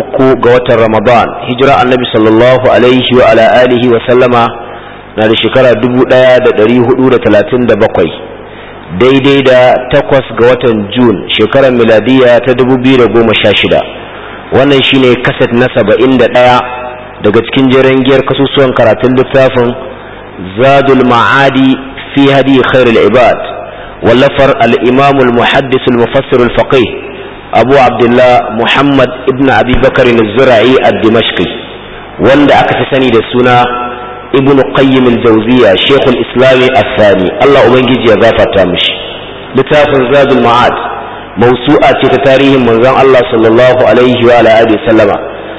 uku ga watan Ramadan hijira annabi sallallahu alaihi wa ala alihi wa sallama na da shekara 1437 daidai da takwas ga watan Jun shekarar miladiya ta 2016 wannan shine kaset na 71 daga cikin jeren giyar kasusuwan karatun littafin Zadul Ma'adi fi hadi khairul ibad wallafar al imamul muhaddis al-Mufassir al-Faqih abu abdullah muhammad ibn abi bakar zura'i a dimashqi wanda aka fi sani da suna ibn qayyim al-jawziya shekul islami asani allah ubangiji ya gafarta mishi littafin zadul ma'ad mausu'a ce ta tarihin manzon allah sallallahu alaihi wa alihi sallama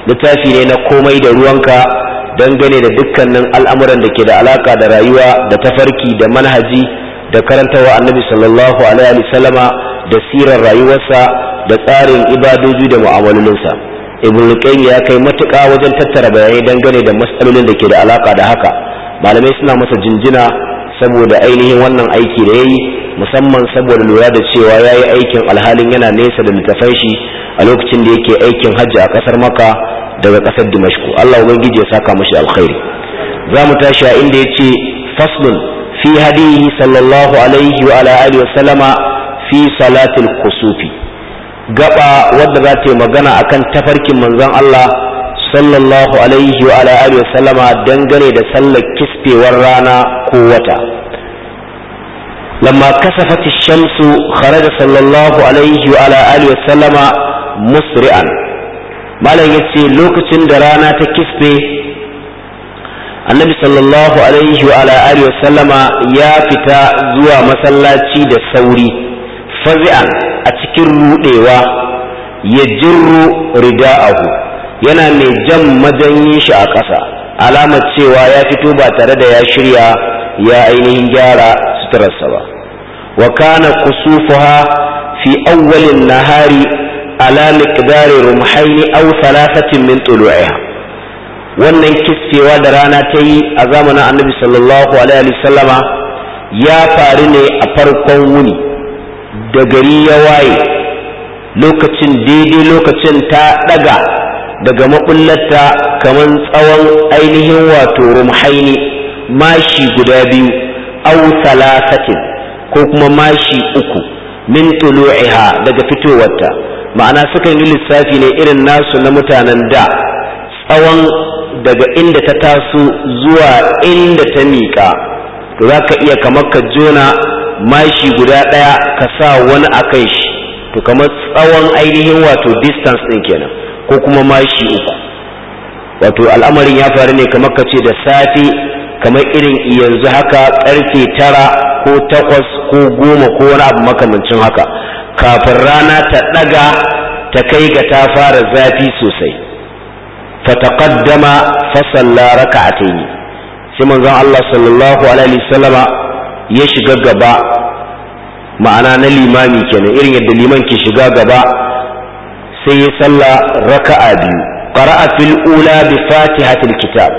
littafi ne na komai da ruwanka dangane da dukkanin al'amuran da ke da alaka da rayuwa da tafarki da manhaji da karantarwa annabi sallallahu alaihi wasallama da sirar rayuwarsa da tsarin ibadoji da mu'amalolinsa ibn qayyim ya kai matuƙa wajen tattara bayanai dangane da matsalolin da ke da alaka da haka malamai suna masa jinjina saboda ainihin wannan aiki da yayi musamman saboda lura da cewa yayi aikin alhalin yana nesa da littafan shi a lokacin da yake aikin hajji a kasar Makka daga kasar dimashku Allah ubangiji ya saka mashi alkhairi za mu tashi a inda ya ce faslun fi hadihi sallallahu alaihi wa alihi wa sallama fi salatil kusufi gaba wadda za ta yi magana akan tafarkin manzon Allah sallallahu alaihi wa alihi wa sallama dangane da sallar kisfewar rana ko wata lamma kasafat shamsu kharaja sallallahu alaihi wa alihi wa sallama musri'an malam yace lokacin da rana ta kisfe annabi sallallahu alaihi wa ala alihi sallama ya fita zuwa masallaci da sauri fazi'an a cikin rudewa ya jirru rida'ahu yana mai jan majanyin shi a ƙasa alamar cewa ya fito ba tare da ya shirya ya ainihin gyara suturarsa ba wa kana kusufuha fi awwalin nahari ala miqdari rumhaini aw thalathatin min tulu'iha wannan kiskewa da rana ta yi a zamanin annabi sallallahu alaihi sallama ya faru ne a farkon wuni da gari ya waye lokacin daidai lokacin ta daga daga maɓullarta kamar tsawon ainihin wato rumhaini mashi guda biyu au salasatin ko kuma mashi uku min tulu'iha daga fitowarta ma'ana suka yi lissafi ne irin nasu na mutanen da tsawon daga inda ta taso zuwa inda ta miƙa to za ka iya kamar ka jona mashi guda ɗaya ka sa wani a kan shi to kamar tsawon ainihin wato distance ɗin kenan ko kuma mashi uku wato al'amarin ya faru ne kamar ka ce da safe kamar irin yanzu haka ƙarfe tara ko takwas ko goma ko wani abu makamancin haka kafin rana ta ɗaga ta kai ga ta fara zafi sosai fataqaddama fa salla raka'atayn sai manzon Allah sallallahu alaihi wasallama ya shiga gaba ma'ana na limami kenan irin yadda liman ki shiga gaba sai ya salla raka'a biyu qara'a fil ula bi fatihatil kitab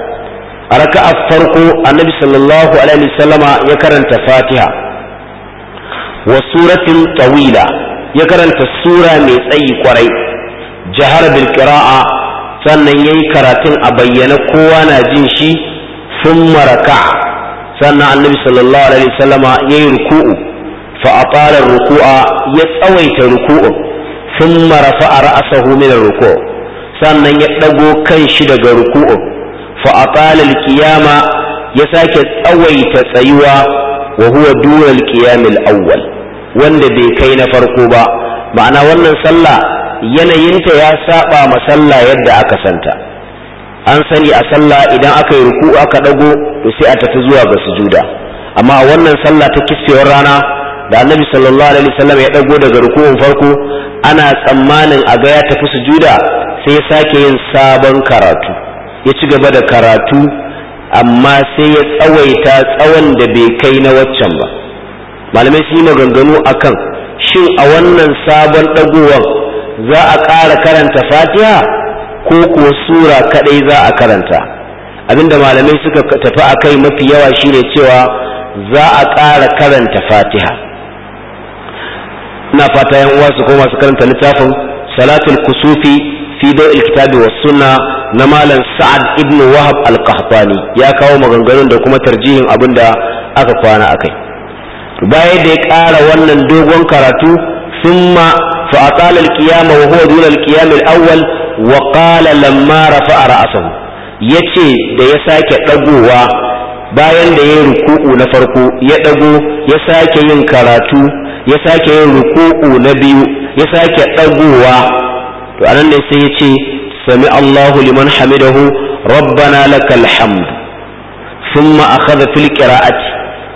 a raka'a farko annabi sallallahu alaihi wasallama ya karanta fatiha wa suratin tawila ya karanta sura mai tsayi kwarai jahar bil sannan ya yi karatun a bayyana kowa na jin shi sun maraka sannan annabi sallallahu alaihi wasallama ya yi ruku'u fa a ruku'a ya tsawaita ruku'u sun marafa a ra'asa min ruku'u sannan ya ɗago kan shi daga ruku'u fa a tsalar kiyama ya sake tsawaita tsayuwa wa huwa dunal kiyamil awwal wanda bai kai na farko ba ma'ana wannan sallah yanayinta ya saba ma sallah yadda aka santa an sani a sallah idan aka yi ruku aka dago to sai a tafi zuwa ga sujuda amma wannan sallah ta kisfewar rana da annabi sallallahu alaihi wasallam ya dago daga ruku'un farko ana tsammanin a ga ya tafi sujuda sai ya sake yin sabon karatu ya ci gaba da karatu amma sai ya tsawaita tsawon da bai kai na waccan ba malamai sun yi maganganu akan shin a wannan sabon ɗagowan. za a ƙara karanta fatiha ko kuwa sura kaɗai za a karanta abinda malamai suka tafi a kai mafi yawa shine cewa za a ƙara karanta fatiha ina fata yan uwa su koma su karanta littafin salatul kusufi fi dawil kitabi was sunna na malam sa'ad ibn wahab al-qahtani ya kawo maganganun da kuma tarjihin abinda aka kwana akai bayan da ya ƙara wannan dogon karatu sunma to wa فأطال al-qiyam al-awwal wa qala lamma rafa'a ra'sahu yace da ya sake ɗagowa bayan da ya ruku'u na farko ya ɗago ya sake yin karatu ya sake yin ruku'u na biyu ya sake ɗagowa to anan ne sai ya sami Allahu liman hamidahu rabbana lakal hamd thumma akhadha fil qira'ati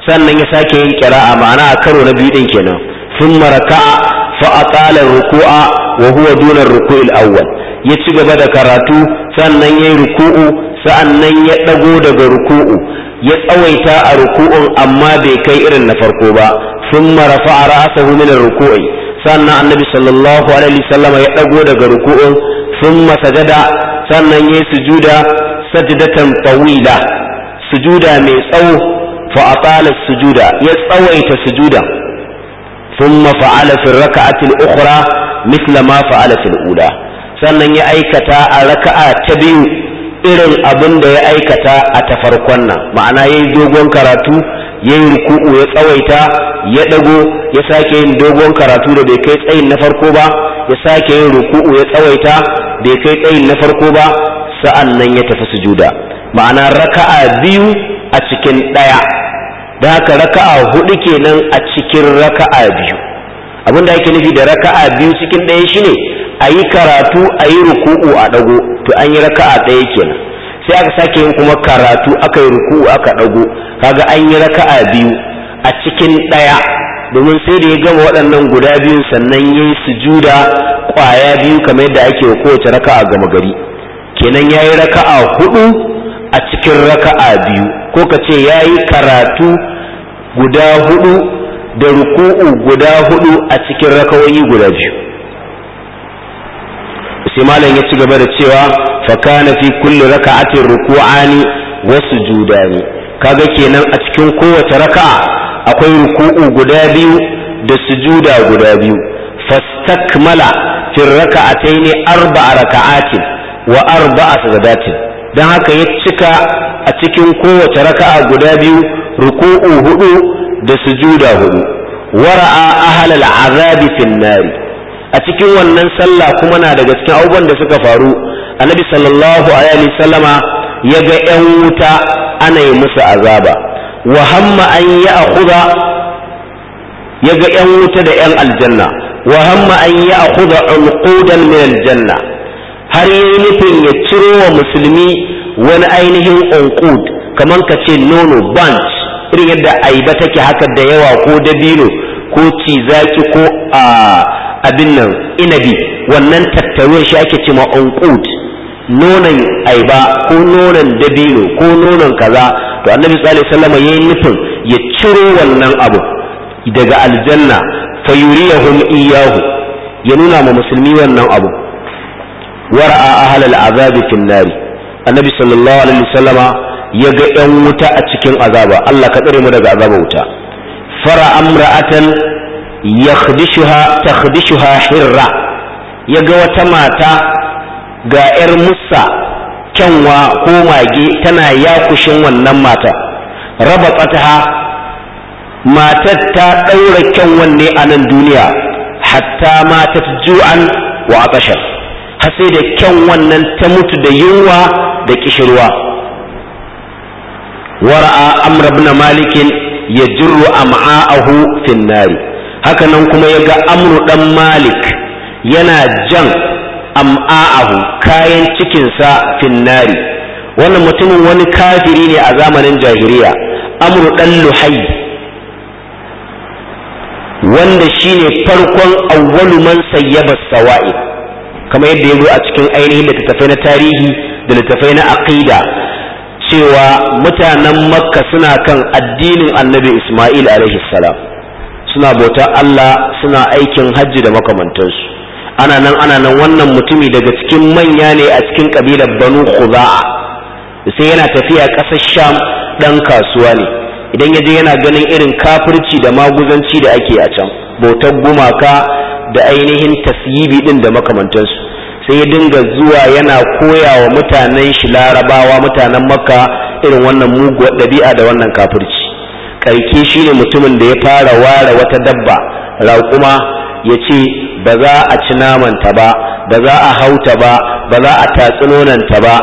sannan ya sake yin qira'a ma'ana a karo na biyu din kenan thumma raka'a fa aqala ruku'a wa huwa duna ruku'il awwal ya ci gaba da karatu sannan yayi ruku'u sa'annan ya ɗago daga ruku'u ya tsawaita a ruku'u amma bai kai irin na farko ba thumma rafa'a ra'sahu min ruku'i sannan annabi sallallahu alaihi wasallam ya dago daga ruku'un thumma sajada sannan yayi sujuda sajdatan tawila sujuda mai tsawo fa atala sujuda ya tsawaita sujuda ثم فعل في الركعة الأخرى مثل ما فعل في الأولى sannan ya aikata a raka'a ta biyu irin abin da ya aikata a ta farkon nan ma'ana yayi dogon karatu yayi ruku'u ya tsawaita ya dago ya sake yin dogon karatu da bai kai tsayin na farko ba ya sake yin ruku'u ya tsawaita bai kai tsayin na farko ba sa'an nan ya tafi sujuda ma'ana raka'a biyu a cikin ɗaya da haka raka'a hudu kenan a cikin raka'a biyu abin da yake nufi da raka'a biyu cikin ɗaya shine a yi karatu a yi ruku'u a ɗago to an yi raka'a ɗaya kenan sai aka sake yin kuma karatu aka yi ruku'u aka ɗago kaga an yi raka'a biyu a cikin ɗaya domin sai da ya gama waɗannan guda biyun sannan ya yi sujuda ƙwaya biyu kamar yadda ake kowace raka'a gama gari kenan ya yi raka'a hudu a cikin raka'a biyu ko ka ce ya yi karatu guda hudu da ruku'u guda hudu a cikin raka'o'i guda biyu sai malam ya ci gaba da cewa fakana fi kulli raka'atin ruku'ani wasu judani kaga kenan a cikin kowace raka'a akwai ruku'u guda biyu da sujuda guda biyu fastakmala fi ne arba'a raka'atin wa arba'a sadadatin don haka ya cika a cikin kowace raka'a guda biyu ruku'u hudu da sujuda hudu wara'a ahlal azabi fin a cikin wannan sallah kuma na daga cikin abubuwan da suka faru annabi sallallahu alaihi sallama ya ga yan wuta ana yi musu azaba wa hamma an ya ya ga yan wuta da yan aljanna wa hamma an ya akhudha unqudan min aljanna har yi nufin ya ciro wa musulmi wani ainihin unqud kamar ka ce nono bunch irin yadda aiba take haka da yawa ko dabino ko cizaki ko abin nan inabi wannan tattaruwar shi ake ma unqud nonon aiba ko nonon dabino ko nonon kaza to annabi sallallahu alaihi ya yayi nufin ya ciro wannan abu daga aljanna fayuriyahum iyahu ya nuna ma musulmi wannan abu wara'a ahalal azabi fin nari annabi sallallahu alaihi wasallama ya ga yan wuta a cikin azaba Allah ka tsare mu daga azaba wuta fara amra'atan yakhdishuha takhdishuha hirra ya ga wata mata ga yar musa kyanwa ko mage tana yakushin wannan mata raba tsataha matar ta ɗaura kyan wanne a nan duniya hatta matat ju'an wa atashar har sai da kyan wannan ta mutu da yunwa da kishirwa wara'a amra ibn malik jiru am'a'ahu finnari, hakanan kuma ya kuma amru dan malik yana jan am'a'ahu kayan cikinsa finnari. wannan mutumin wani kafiri ne a zamanin jahiriya, amru dan luhai wanda shine farkon awwalu man sayyaba sawa'i kamar yadda ya zo a cikin ainihin littattafai na tarihi da littattafai na aqida cewa mutanen makka suna kan addinin annabi isma'il alaihi salam suna bauta allah suna aikin hajji da makamantansu ana nan ana nan wannan mutumi daga cikin manya ne a cikin kabilar banu khuza'a sai yana tafiya ƙasar sham ɗan kasuwa ne idan ya je yana ganin irin kafirci da maguzanci da ake a can bautar gumaka da ainihin tasyibi din da makamantansu sai ya dinga zuwa yana koya wa mutanen shi larabawa mutanen makka irin wannan muguwar ɗabi'a da wannan kafirci karke ne mutumin da ya fara ware wata dabba raƙuma ya ce ba za a ci namanta ba ba za a hauta ba ba za a tatsi nonanta ba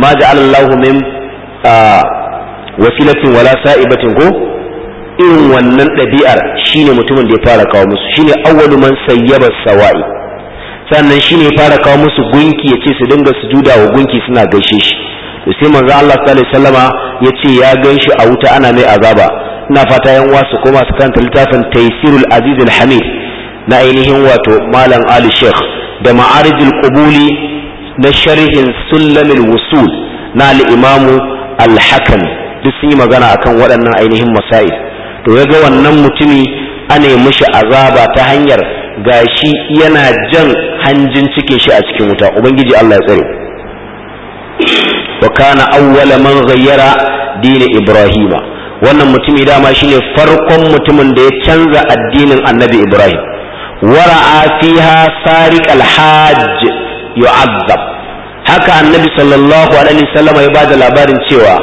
ma ja'alallahu min ah, wasilatin wala sa'ibatin ko irin wannan ɗabi'ar shine mutumin da ya fara kawo musu shine awwalu man sayyaba sawa'i sannan shine ya fara kawo musu gunki ya ce su dinga sujuda wa gunki suna gaishe shi to sai manzo Allah sallallahu alaihi wasallama ya ce ya ganshi a wuta ana mai azaba ina fata yan uwa su koma su karanta littafin Taysirul Aziz hamid na ainihin wato Malam Ali Sheikh da Ma'arijul Qubuli na sharhin Sulamul Wusul na al imamu al duk sun yi magana akan waɗannan ainihin masail to ya ga wannan mutumi ana yi mishi azaba ta hanyar gashi yana jan hanjin cikin shi a cikin wuta ubangiji Allah ya tsare wa kana awwala man ghayyara dini ibrahima wannan mutumi dama shine farkon mutumin da ya canza addinin annabi ibrahim wara'a fiha sariq alhajj yu'azzab haka annabi sallallahu alaihi wasallam ya bada labarin cewa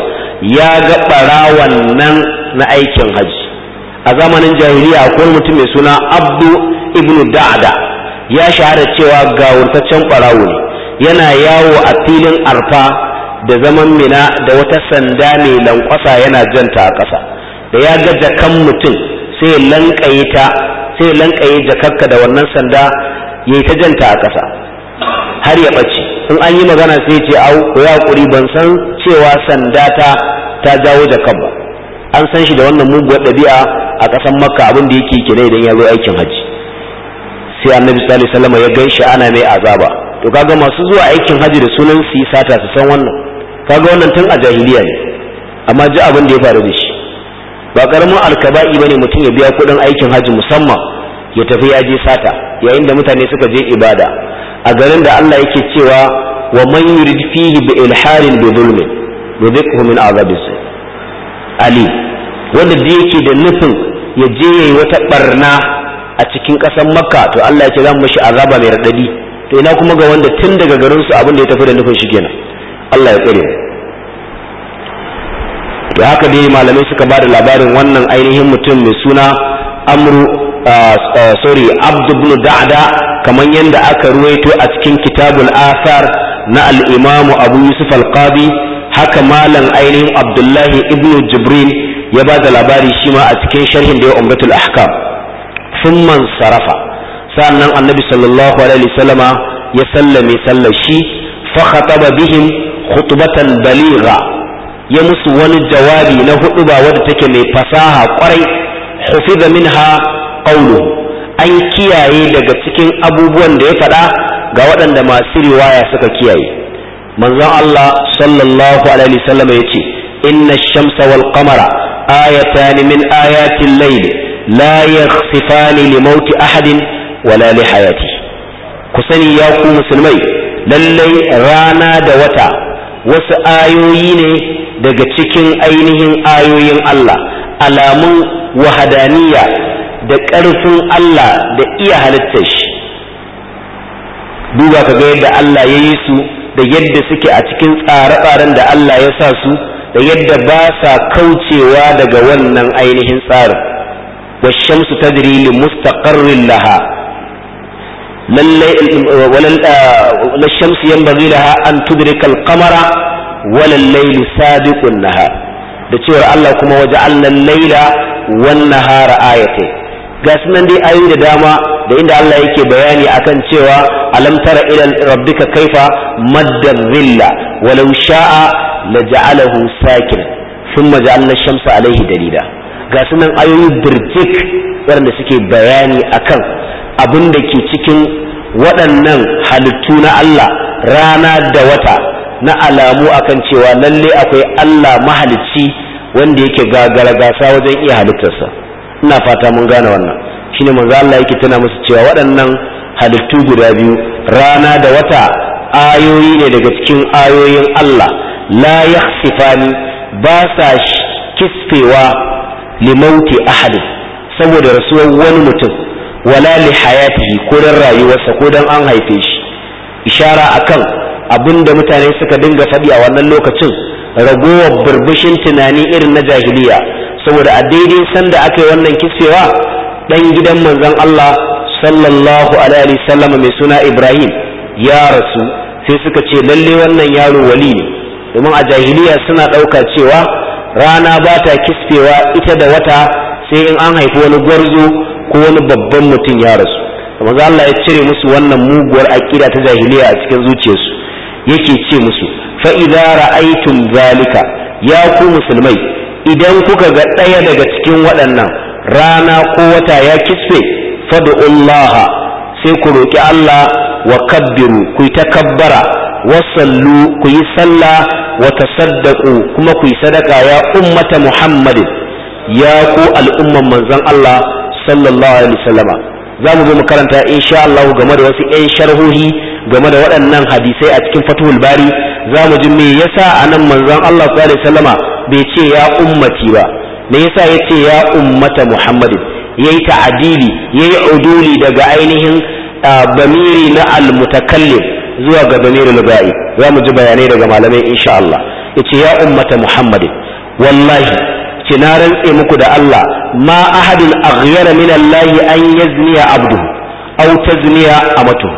ya ga barawan nan na aikin haji a zamanin jahiliya akwai mutum mai suna abdu ibn da'ada ya shahara cewa wurtaccen ɓarawo ne yana yawo a filin arfa da zaman mina da wata sanda mai lankwasa yana janta a ƙasa da ya ga jakan mutum sai lankaye ta sai lankaye jakakka da wannan sanda ya ta janta a ƙasa har ya ɓace in an yi magana sai ce au ko ya ban san cewa sanda ta ta jawo jakan ba an san shi da wannan muguwar ɗabi'a a ƙasar makka abin da yake kira idan ya zo aikin hajji sai annabi sallallahu alaihi ya gan shi ana mai azaba to kaga masu zuwa aikin hajji da sunan su yi sata su san wannan kaga wannan tun a jahiliya ne amma ji abin da ya faru da shi ba karamin alkaba'i bane mutum ya biya kuɗin aikin hajji musamman ya tafi ya je sata yayin da mutane suka je ibada a garin da Allah yake cewa wa man yurid fihi bi ilharin bi zulmin yudhiquhu min azabihi ali wanda da yake da nufin ya je yayi wata barna a cikin ƙasar makka to Allah ya ce za mu azaba mai radadi to ina kuma ga wanda tun daga garin su abin da ya tafi da nufin shi kenan Allah ya tsare da haka dai malamai suka ba da labarin wannan ainihin mutum mai suna amru sorry abdu ibn da'da kamar yadda aka ruwaito a cikin kitabul Asar, na al-imam abu yusuf al-qadi haka malam ainihin abdullahi ibn jibril ya ba da labari shi ma a cikin sharhin da ya umratul ahkam sun man sarafa sa'annan annabi sallallahu alaihi sallama ya sallame sallar shi fa khataba bihim khutbatan baligha ya musu wani jawabi na hudu ba wadda take mai fasaha kwarai hufiza minha qawlu an kiyaye daga cikin abubuwan da ya faɗa ga waɗanda masu riwaya suka kiyaye manzon Allah sallallahu alaihi wasallam ya ce inna shamsa wal qamara ayatan min ayati al-layl la yakhsifani li mauti ahadin wala li hayati ku sani ya ku musulmai lallai rana da wata wasu ayoyi ne daga cikin ainihin ayoyin Allah alamun wahadaniya da ƙarfin Allah da iya halittar shi duba ka ga yadda Allah ya yi su da yadda suke a cikin tsare-tsaren da Allah ya sa su da yadda ba sa kaucewa daga wannan ainihin tsarin washamsu tadri li mustaqarrin laha lallai ah, shamsu yanbaghi laha an tudrika al-qamara wala al-layl sabiqun nahar da cewa Allah kuma waje al laila wan nahara ayatayn ga dai ayoyi da dama da inda Allah yake bayani akan cewa alam tara ila rabbika kaifa madda dhilla walau sha'a laja'alahu sun thumma ja'alna shamsa alaihi dalila ga sunan ayoyi birjik waɗanda suke bayani akan abin da ke cikin waɗannan halittu na Allah rana da wata na alamu akan cewa lalle akwai Allah mahalicci wanda yake gagara gasa wajen iya halittarsa ina fata mun gane wannan shine manzo Allah yake tana musu cewa waɗannan halittu guda biyu rana da wata ayoyi ne daga cikin ayoyin Allah la sifani ba sa kisfewa limauti ahadi saboda rasuwar wani mutum wala li hayatihi ko dan rayuwarsa ko dan an haife shi ishara akan abinda mutane suka dinga faɗi a wannan lokacin ragowar burbushin tunani irin na jahiliya saboda a daidai sanda aka yi wannan kisfewa dan gidan manzon Allah sallallahu alaihi wasallam mai suna Ibrahim ya rasu sai suka ce lalle wannan yaro wali ne domin a jahiliya suna ɗauka cewa rana ba ta kisfewa ita da wata sai in an haifi wani gwarzo ko wani babban mutum ya rasu za Allah ya cire musu wannan muguwar aƙida ta jahiliya a cikin zuciyarsu yake ce musu fa idza ra'aytum zalika ya ku musulmai idan kuka ga ɗaya daga cikin waɗannan rana ko wata ya kisfe Allah sai ku roki Allah wa kabbiru ku yi takabbara wasallu ku yi sallah wa tasaddaqu kuma ku yi sadaka ya ummata muhammadin ya ku al'umman manzon Allah sallallahu alaihi wasallama za mu zo makaranta karanta insha Allah game da wasu 'yan sharhohi game da waɗannan hadisai a cikin fatuhul bari za mu ji me yasa anan manzon Allah sallallahu alaihi wasallama bai ce ya ummati ba me yasa ya ce ya ummata muhammadin yayi ta'adili yayi uduli daga ainihin bamiri na almutakallim zuwa ga na lugai za mu ji bayanai daga malamai insha Allah yace ya ummata muhammad wallahi ce na rantse muku da Allah ma ahadin aghyara min Allah an yazniya abduhu aw tazniya amatuhu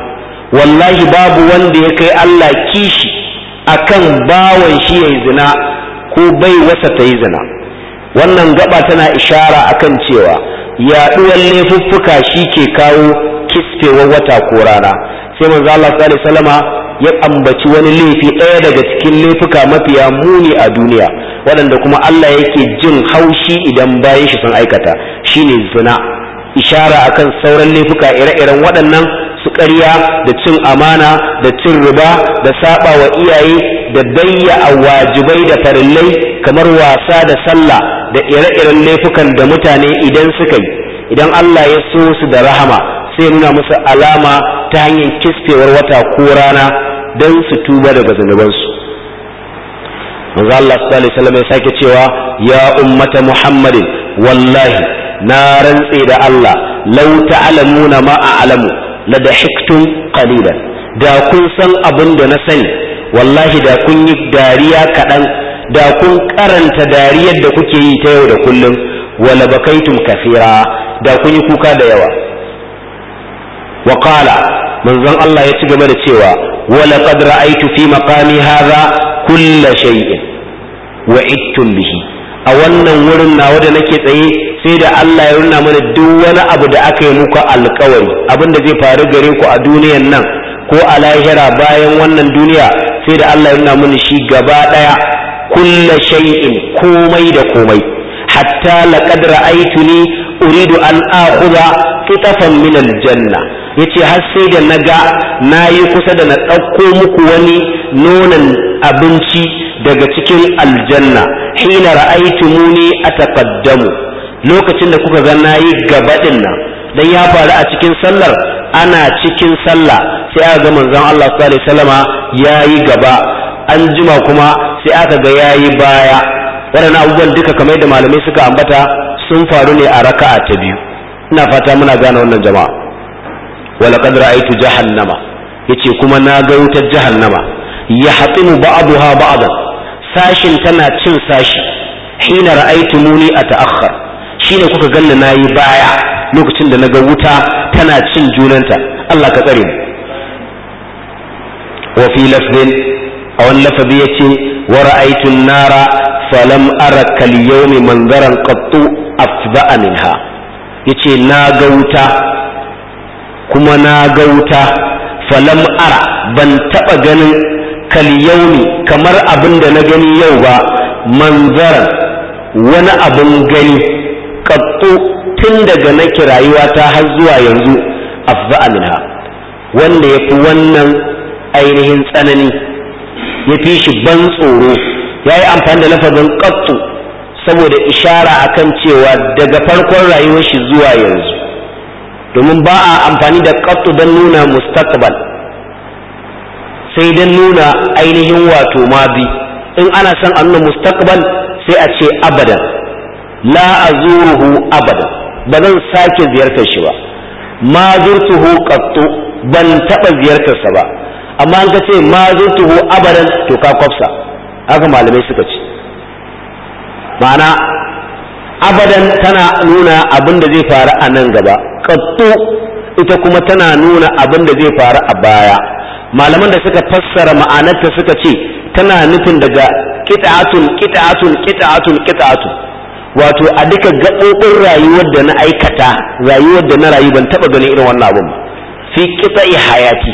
wallahi babu wanda ya kai Allah kishi akan bawan shi yayi zina ko bai wasa ta yi zina wannan gaba tana ishara akan cewa yaɗuwar laifuffuka shi ke kawo kisfewar wata ko rana sai manzo Allah sallallahu alaihi ya ambaci wani laifi ɗaya daga cikin laifuka mafiya muni a duniya waɗanda kuma Allah yake jin haushi idan bayan shi sun aikata shine zina ishara akan sauran laifuka ire-iren waɗannan su ƙarya da cin amana da cin riba da saba wa iyaye da bayya a wajibai da farillai kamar wasa da sallah da ire-iren laifukan da mutane idan suka yi idan Allah ya so su da rahama sai nuna musu alama ta hanyar kiskewar wata ko rana don su tuba daga zunubansu manzo Allah sallallahu alaihi ya sake cewa ya ummata muhammadin wallahi na rantse da Allah law ta'lamuna ma a'lamu la dahiktum qalilan da kun san abin da na sani wallahi da kun yi dariya kaɗan da kun karanta dariyar da kuke yi ta yau da kullum wala bakaitum kafira da kun yi kuka da yawa wa qala manzon Allah ya ci gaba da cewa wa laqad ra'aytu fi maqami hadha kull shay'in wa ittum bihi a wannan wurin nawa da nake tsaye sai da Allah ya runa mana duk wani abu da aka yi muku alkawari abin da zai faru gare ku a duniyar nan ko a lahira bayan wannan duniya sai da Allah ya runa mana shi gaba daya kulla shay'in komai da komai hatta laqad ra'aytuni uridu an akhudha qitafan min aljanna yace har sai da na na nayi kusa da na ɗauko muku wani nonon abinci daga cikin aljanna hina a ataqaddamu lokacin da kuka ga nayi gabaɗin nan dan ya faru a cikin sallar ana cikin sallah sai aka ga manzon Allah sallallahu alaihi wasallama yayi gaba an jima kuma sai aka ga yayi baya waɗannan abubuwan duka kamar da malamai suka ambata sun faru ne a raka'a ta biyu ina fata muna gane wannan jama'a walaqad ra'aytu jahannama yace kuma na ga wutar jahannama ya hatimu ba'daha ba'dan sashin tana cin sashi hina muni ata'akhkhar shine kuka na nayi baya lokacin da na ga wuta tana cin junanta Allah ka tsare mu wa fi lafdin a wani yace wa ra'aytu an-nara falam arakal kal yawmi manzaran qattu afda'a minha yace na ga wuta kuma na ga wuta falam ara ban taba ganin kal yawmi kamar abin da na gani yau ba manzaran wani abin gani qattu tun daga nake rayuwa ta har zuwa yanzu afda'a minha wanda yafi wannan ainihin tsanani ya fi shi ban tsoro ya yi amfani da lafazin ƙattu saboda ishara a kan cewa daga farkon rayuwar shi zuwa yanzu domin ba a amfani da ƙattu don nuna mustaqbal sai don nuna ainihin wato mabi in ana son a nuna mustaqbal sai a ce abadan la azuruhu abadan ba zan sake ziyartar shi ba ma zurtuhu ƙattu ban taɓa ziyartarsa ba amma an ka ce ma zurtuhu abadan to ka kwafsa haka malamai suka ce ma'ana abadan tana nuna abin da zai faru a nan gaba kattu ita kuma tana nuna abin da zai faru a baya malaman da suka fassara ma'anarta suka ce tana nufin daga kita'atun kita'atun kita'atun kita'atun wato a duka gaɓoɓin rayuwar da na aikata rayuwar da na rayu ban taɓa ganin irin wannan abin ba fi kitsa hayati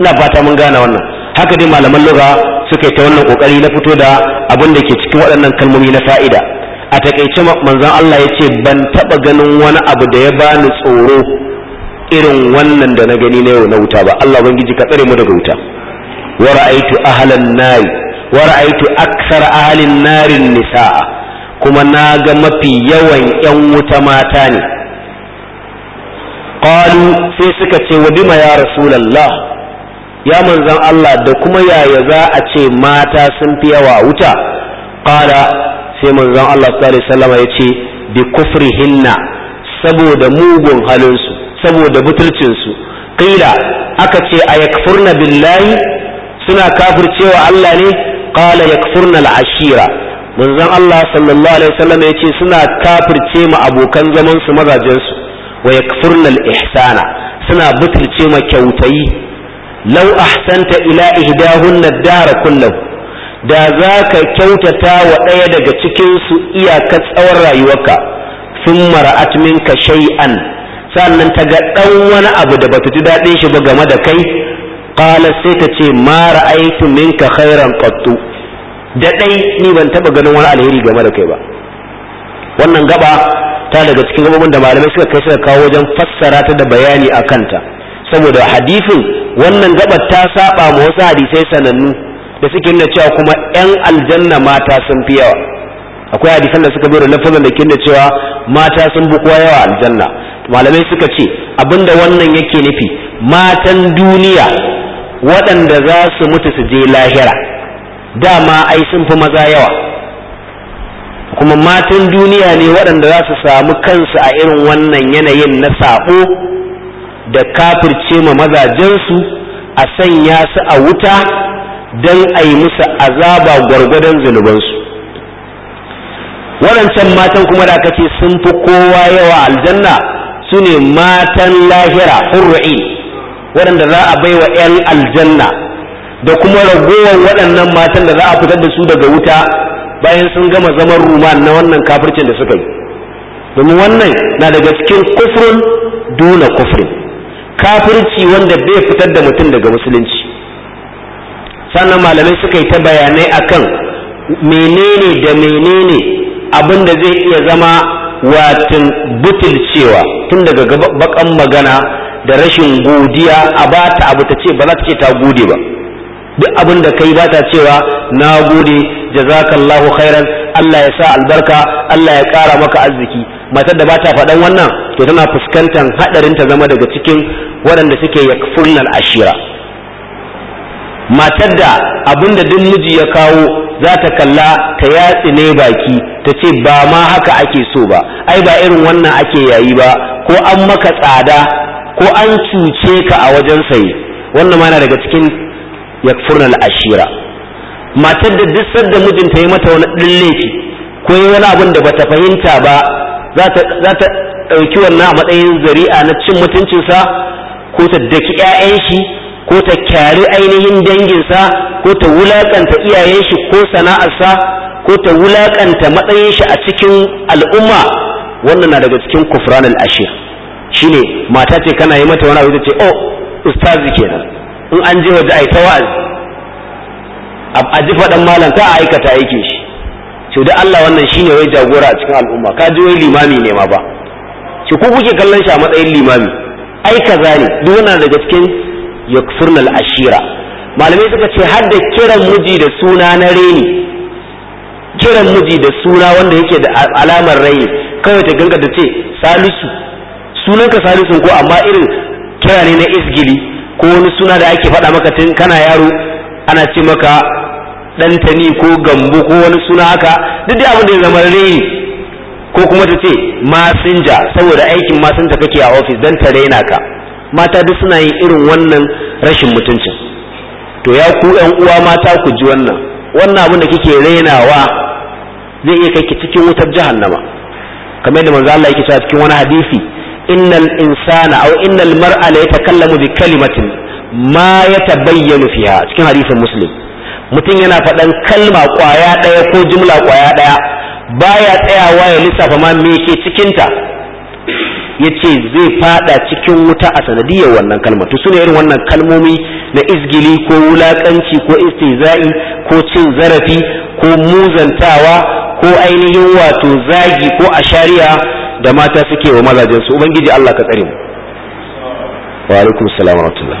ina fata mun gane wannan haka dai malaman lura suka yi ta wannan kokari na fito da abin da ke cikin waɗannan kalmomi na fa'ida a takaice manzon Allah ya ce ban taɓa ganin wani abu da ya bani tsoro irin wannan da na gani na yau na wuta ba Allah ubangiji ka tsare mu daga wuta wa ra'aitu ahlan nari wa ra'aitu akthara ahlin narin nisaa kuma na ga mafi yawan yan wuta mata ne qalu sai suka ce wa bima ya rasulullah ya manzan Allah da kuma yaya za a ce mata sun fi yawa wuta qala sai manzan Allah sallallahu alaihi wasallam ya ce bi kufrihinna saboda mugun halinsu saboda butulcinsu qila aka ce a yakfurna billahi suna kafircewa Allah ne qala yakfurna al-ashira Manzan Allah sallallahu alaihi wasallam ya ce suna kafirce ma abokan zaman su mazajen su wa yakfurna al-ihsana suna butulce ma kyautayi لو ahsanta ila ihdahunna الدار كله kullahu da za ka kyautata wa ɗaya daga cikinsu iyaka tsawon rayuwarka thumma ra'at minka shay'an sannan ta ga dan wani abu da bata ji daɗin shi ba game da kai ƙala sai ta ce mara ra'aytu minka khairan qattu da dai ni ban taba ganin wani alheri game da kai ba wannan gaba ta daga cikin gabobin da malamai suka kai suka kawo wajen fassara ta da bayani a kanta saboda hadisin wannan gabar ta saba ma wasu hadisai sanannu da suke nuna cewa kuma yan aljanna mata sun fi yawa akwai hadisan da suka bi da lafazan da ke nuna cewa mata sun bi kowa yawa aljanna malamai suka ce abinda wannan yake nufi matan duniya waɗanda za su mutu su je lahira dama ai sun fi maza yawa kuma matan duniya ne waɗanda za su samu kansu a irin wannan yanayin na saɓo da kafirce ma mazajensu a sanya su a wuta don a yi musu azaba gwargwadon zunubansu waɗancan matan kuma da aka sun fi kowa yawa aljanna su ne matan lahira hurru'in waɗanda za a baiwa 'yan aljanna da kuma ragowar waɗannan matan da za a fitar da su daga wuta bayan sun gama zaman ruman na wannan kafircin da suka yi domin wannan na daga cikin kufurin, duna kufrin kafirci wanda bai fitar da mutum daga musulunci sannan malamai suka yi ta bayanai akan menene da menene abin da zai iya zama watin butulcewa tun daga bakan magana da rashin godiya a ba ta abu ta ce ba za ta ce ta gode ba duk abin da kai ba ta cewa na gode jazakallahu khairan Allah ya sa albarka Allah ya ƙara maka arziki matar da ba ta faɗan wannan to tana fuskantar haɗarin ta zama daga cikin waɗanda suke yakfunnal ashira matar da abinda duk miji ya kawo za ta kalla ta yatsi ne baki ta ce ba ma haka ake so ba ai ba irin wannan ake yayi ba ko an maka tsada ko an cuce ka a wajen saye wannan ma yana daga cikin yakfunnal ashira matar da duk sadda mijinta yi mata wani ɗin laifi ko wani abin da bata fahimta ba za ta ɗauki wannan a matsayin zari'a na cin mutuncinsa ko ta daki 'ya'yan shi ko ta kyari ainihin danginsa ko ta wulakanta iyayen shi ko sana'arsa ko ta wulakanta matsayin shi a cikin al'umma wannan na daga cikin al ashir shine mata ce kana yi mata wani abu ce oh ustazi kenan in an je waje ai ta wa'azi a ji faɗan malam ka aikata aike shi to da Allah wannan shine wai jagora a cikin al'umma ka ji wai limami ne ma ba ce ku kuke kallon shi a matsayin limami ai kaza ne duk wannan daga cikin yaksurnal ashira malamai suka ce har da kiran miji da suna na reni kiran miji da suna wanda yake da alamar rai kawai ta ganga da ce salisu sunanka salisu ko amma irin kira ne na isgili ko wani suna da ake faɗa maka tun kana yaro ana ce maka ɗantani ko gambo ko wani suna haka duk da abin da ya zama reni ko kuma ta ce masinja saboda aikin masinja kake a ofis don ta raina ka mata duk suna yin irin wannan rashin mutuncin to ya ku yan uwa mata ku ji wannan wannan abin da kike rainawa zai iya kai ki cikin wutar jahannama kamar da manzo Allah yake cewa cikin wani hadisi innal insana aw innal mar'a la yatakallamu bi kalimatin ma yatabayyanu fiha cikin hadisin muslim mutum yana faɗan kalma kwaya ɗaya ko jumla kwaya ɗaya baya tsayawa ya lissafa ma me ke cikinta ya ce zai fada cikin wuta a sanadiyar wannan kalmar to suna irin wannan kalmomi na izgili ko wulakanci ko istizai ko cin zarafi ko muzantawa ko ainihin wato zagi ko ashariya da mata suke wa mazajensu, su ubangiji Allah ka tsare mu wa alaikum assalam wa rahmatullah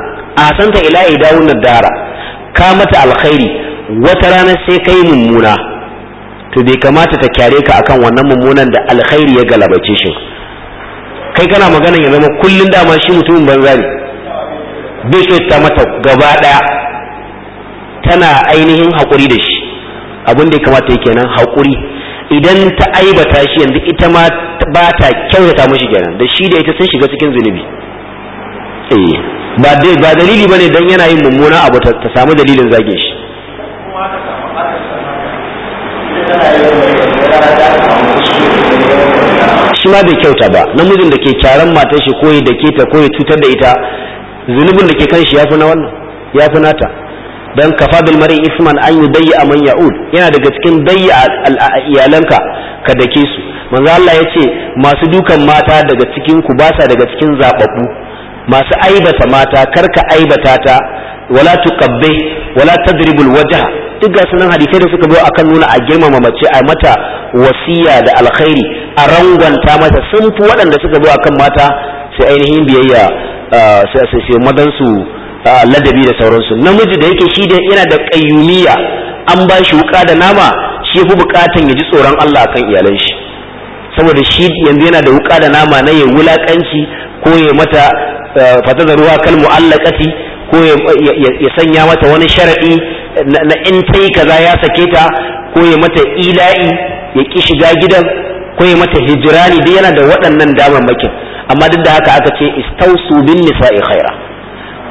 a santa ila dawun dara ka mata alkhairi wata rana sai kai mummuna to bai kamata ta kyare ka akan wannan mummunan da alkhairi ya galabace shi kai kana magana ya zama kullun dama shi mutumin banza ne bai so ta mata gaba daya tana ainihin haƙuri da shi abin da ya kamata yake nan haƙuri idan ta aibata shi yanzu ita ma ba ta kyautata mishi kenan da shi da ita sun shiga cikin zunubi eh. ba dalili bane dan yana yin mummuna abu ta samu dalilin zage shi shi ma bai kyauta ba namijin da ke kyaran matar shi koyi da ke ta koyi cutar da ita zunubin da ke kan shi yafi na wannan yafi nata dan kafa bil mar'i isman an yudayya man ya'ud yana daga cikin a iyalanka ka dake su manzo Allah ce masu dukan mata daga cikin ku ba sa daga cikin zababbu masu aibata mata karka aibata ta wala tuqabbi wala tadribul wajha duk ga sunan hadisai da suka zo akan nuna a girmama mace a mata wasiya da alkhairi a rangwanta mata sun fi waɗanda suka zo akan mata sai ainihin biyayya sai madansu ladabi da sauransu namiji da yake shi da yana da ƙayyumiya an ba shi wuka da nama shi fi bukatan ya ji tsoron Allah akan iyalan shi saboda shi yanzu yana da wuka da nama na yin wulakanci ko ya mata fatazaruha kal mu'allaqati ko ya sanya mata wani sharadi na in tai kaza ya sake ta ko ya mata ila'i ya ki shiga gidan ko ya mata hijirani duk yana da waɗannan damammakin amma duk da haka aka ce istausu bin nisa'i khaira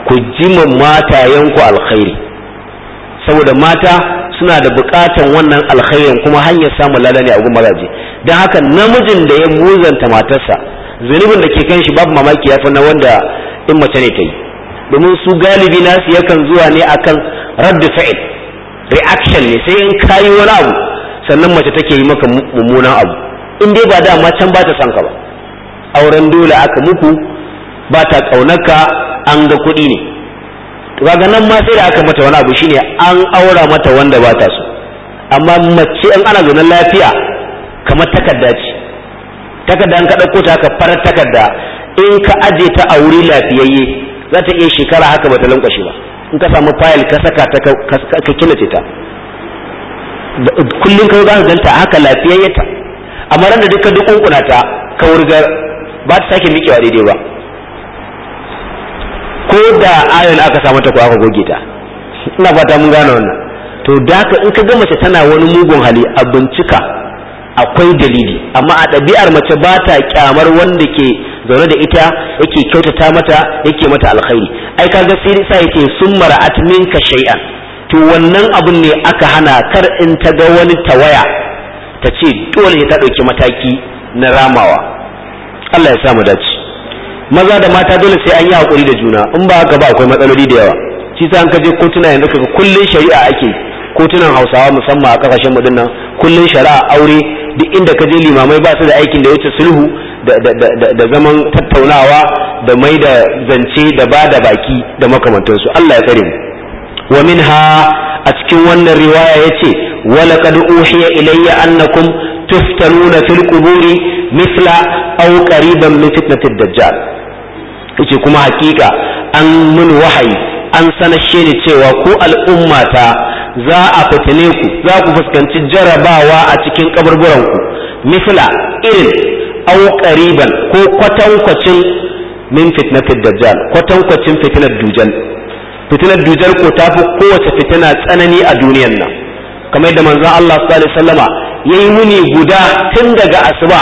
ku jima matayenku alkhairi saboda mata suna da buƙatan wannan alkhairin kuma hanyar samun lada a gumbaraje don haka namijin da ya muzanta matarsa zunubin da ke kan shi babu mamaki ya fi na wanda in mace ne ta yi domin su galibi nasu yakan zuwa ne akan raddu fa'il reaction ne sai in kayi wani abu sannan mace take yi maka mummunan abu in dai ba dama can ba ta san ka ba auren dole aka muku ba ta kaunaka an ga kuɗi ne Ga-ga nan ma sai da aka mata wani abu shine an aura mata wanda ba ta so amma mace in ana zaune lafiya kamar takarda takarda an ka ɗauko ta ka farar takarda in ka aje ta a wuri lafiyayye za ta iya shekara haka ba ta lankwashe ba in ka samu fayil ka saka ta ka kina ta kullum ka za ganta haka lafiyayye ta amma ran da duka duk kunkuna ta ka wurga ba ta sake miƙewa daidai ba ko da ayon aka samu ta ko goge ta ina fata mun gane wannan to da in ka ga mace tana wani mugun hali a bincika akwai dalili amma a ɗabi'ar mace ba ta kyamar wanda ke zaune da ita yake kyautata mata yake mata alkhairi ai kaga sai sa yake sun mara'at minka shay'an to wannan abun ne aka hana kar in ta ga wani tawaya ta ce dole ta ɗauki mataki na ramawa Allah ya sa mu dace maza da mata dole sai an yi hakuri da juna in ba haka ba akwai matsaloli da yawa shi sa an ka je kotuna yanzu ga kullun shari'a ake kotunan Hausawa musamman a kasashen mu dinnan kullun shari'a aure duk inda ka je limamai ba su da aikin da ya wuce sulhu da zaman tattaunawa da mai da zance da ba da baki da makamantansu Allah ya tsare mu wa minha a cikin wannan riwaya yace wa laqad uhiya ilayya annakum tuftanuna fil quburi mithla aw qariban min fitnatid dajjal yace kuma hakika an mun wahayi an sanashe ni cewa ko al'ummata za a fitine ku za ku fuskanci jarabawa a cikin kaburburan ku mifla irin au qariban ko kwatankwacin min fitnatil dajjal kwatankwacin fitnar dujal Fitinar dujal ko tafi kowace fitina tsanani a duniyar nan kamar da manzon Allah sallallahu alaihi wasallama yayi muni guda tun daga asuba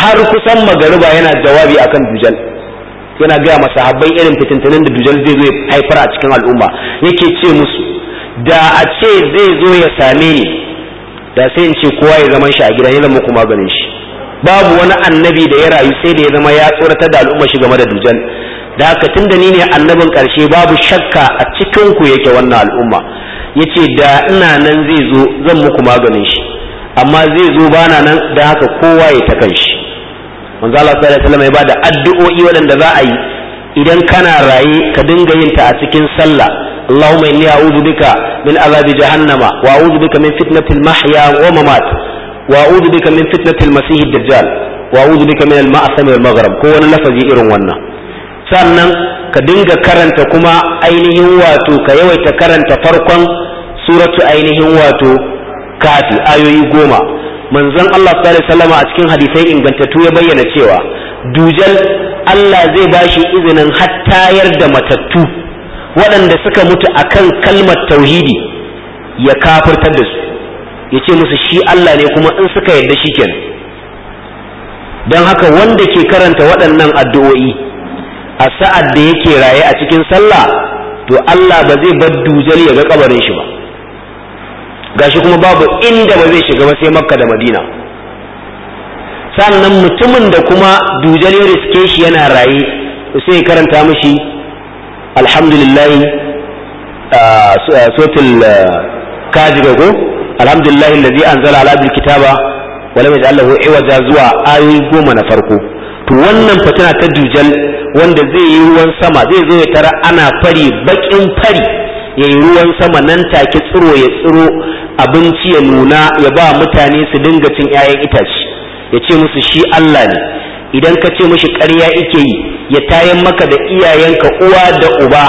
har kusan magariba yana jawabi akan dujal yana gaya masahabbai irin fitintunan da dujal zai zo haifar a cikin al'umma yake ce musu da a ce zai zo ya same ni da sai in ce kowa ya zaman shi a gida ya zama kuma ganin shi babu wani annabi da ya rayu sai da ya zama ya tsorata da al'umma shi game da dujan da haka tun da ni ne annabin karshe babu shakka a cikin ku yake wannan al'umma yace da ina nan zai zo zan muku maganin shi amma zai zo bana nan da haka kowa ya ta shi manzo Allah sallallahu alaihi wasallam ya bada addu'o'i waɗanda za a yi idan kana raye ka dinga yin ta a cikin sallah اللهم إني أعوذ بك من عذاب جهنم وأعوذ بك من فتنة المحيا وممات وأعوذ بك من فتنة المسيح الدجال وأعوذ بك من المأثم والمغرب هو اللفظ إيرون ونا sannan ka dinga karanta kuma ainihin wato ka yawaita karanta farkon suratu ainihin wato kafi ayoyi goma manzon Allah sallallahu a cikin hadisai ingantattu ya bayyana cewa dujal Allah zai ba shi izinin hattayar da matattu waɗanda suka mutu a kan kalmar tauhidi ya kafirtar da su ya ce musu shi Allah ne kuma in suka yarda shi kenan don haka wanda ke karanta waɗannan addu'o'i a sa'ad da yake raye a cikin sallah to Allah ba zai bar dujal ya ga kabarin shi ba gashi kuma babu inda ba zai shiga ba sai makka da madina sannan mutumin da kuma dujan ya riske shi yana raye sai karanta mishi alhamdulillah suratul kajiga ko alhamdulillah alladhi anzala ala abdil kitaba wa lam yaj'al iwaja zuwa ayoyi goma na farko to wannan fitina ta dujal wanda zai yi ruwan sama zai zo ya tara ana fari bakin fari ya yi ruwan sama nan take tsiro ya tsiro abinci ya nuna ya ba mutane su dinga cin 'ya'yan itace ya ce musu shi Allah ne idan ka ce mushi ƙarya ike yi ya tayan maka da iyayenka uwa da uba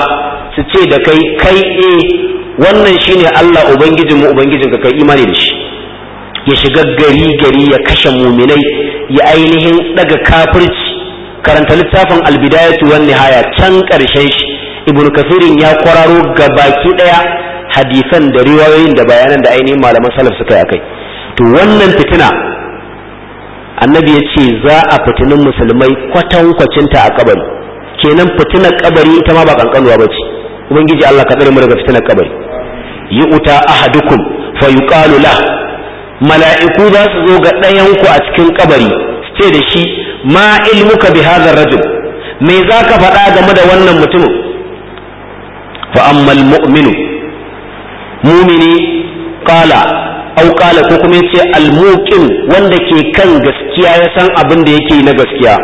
su ce da kai kai e wannan shine Allah ubangijinmu ubangijinka kai imani da shi ya shiga gari gari ya kashe muminai ya ainihin daga kafirci karanta littafin albidayatu wan nihaya can karshen shi ibn kasirin ya kwararo ga baki daya hadisan da riwayoyin da bayanan da ainihin malaman salaf suka yi akai to wannan fitina annabi ya ce za a fitinin musulmai kwatankwacinta a kabari kenan fitinar kabari ta ma ba kankanuwa ba ce ubangiji Allah ka tsare mu daga fitinar kabari yi uta ahadukum fa yuqalu la mala'iku za su zo ga ɗayan ku a cikin kabari su ce da shi ma ilmuka bi hadha rajul me za ka faɗa game da wannan mutumin fa ammal mu'minu mumini qala auƙala ko kuma yace almuqin wanda ke kan gaskiya ya san abin da yake na gaskiya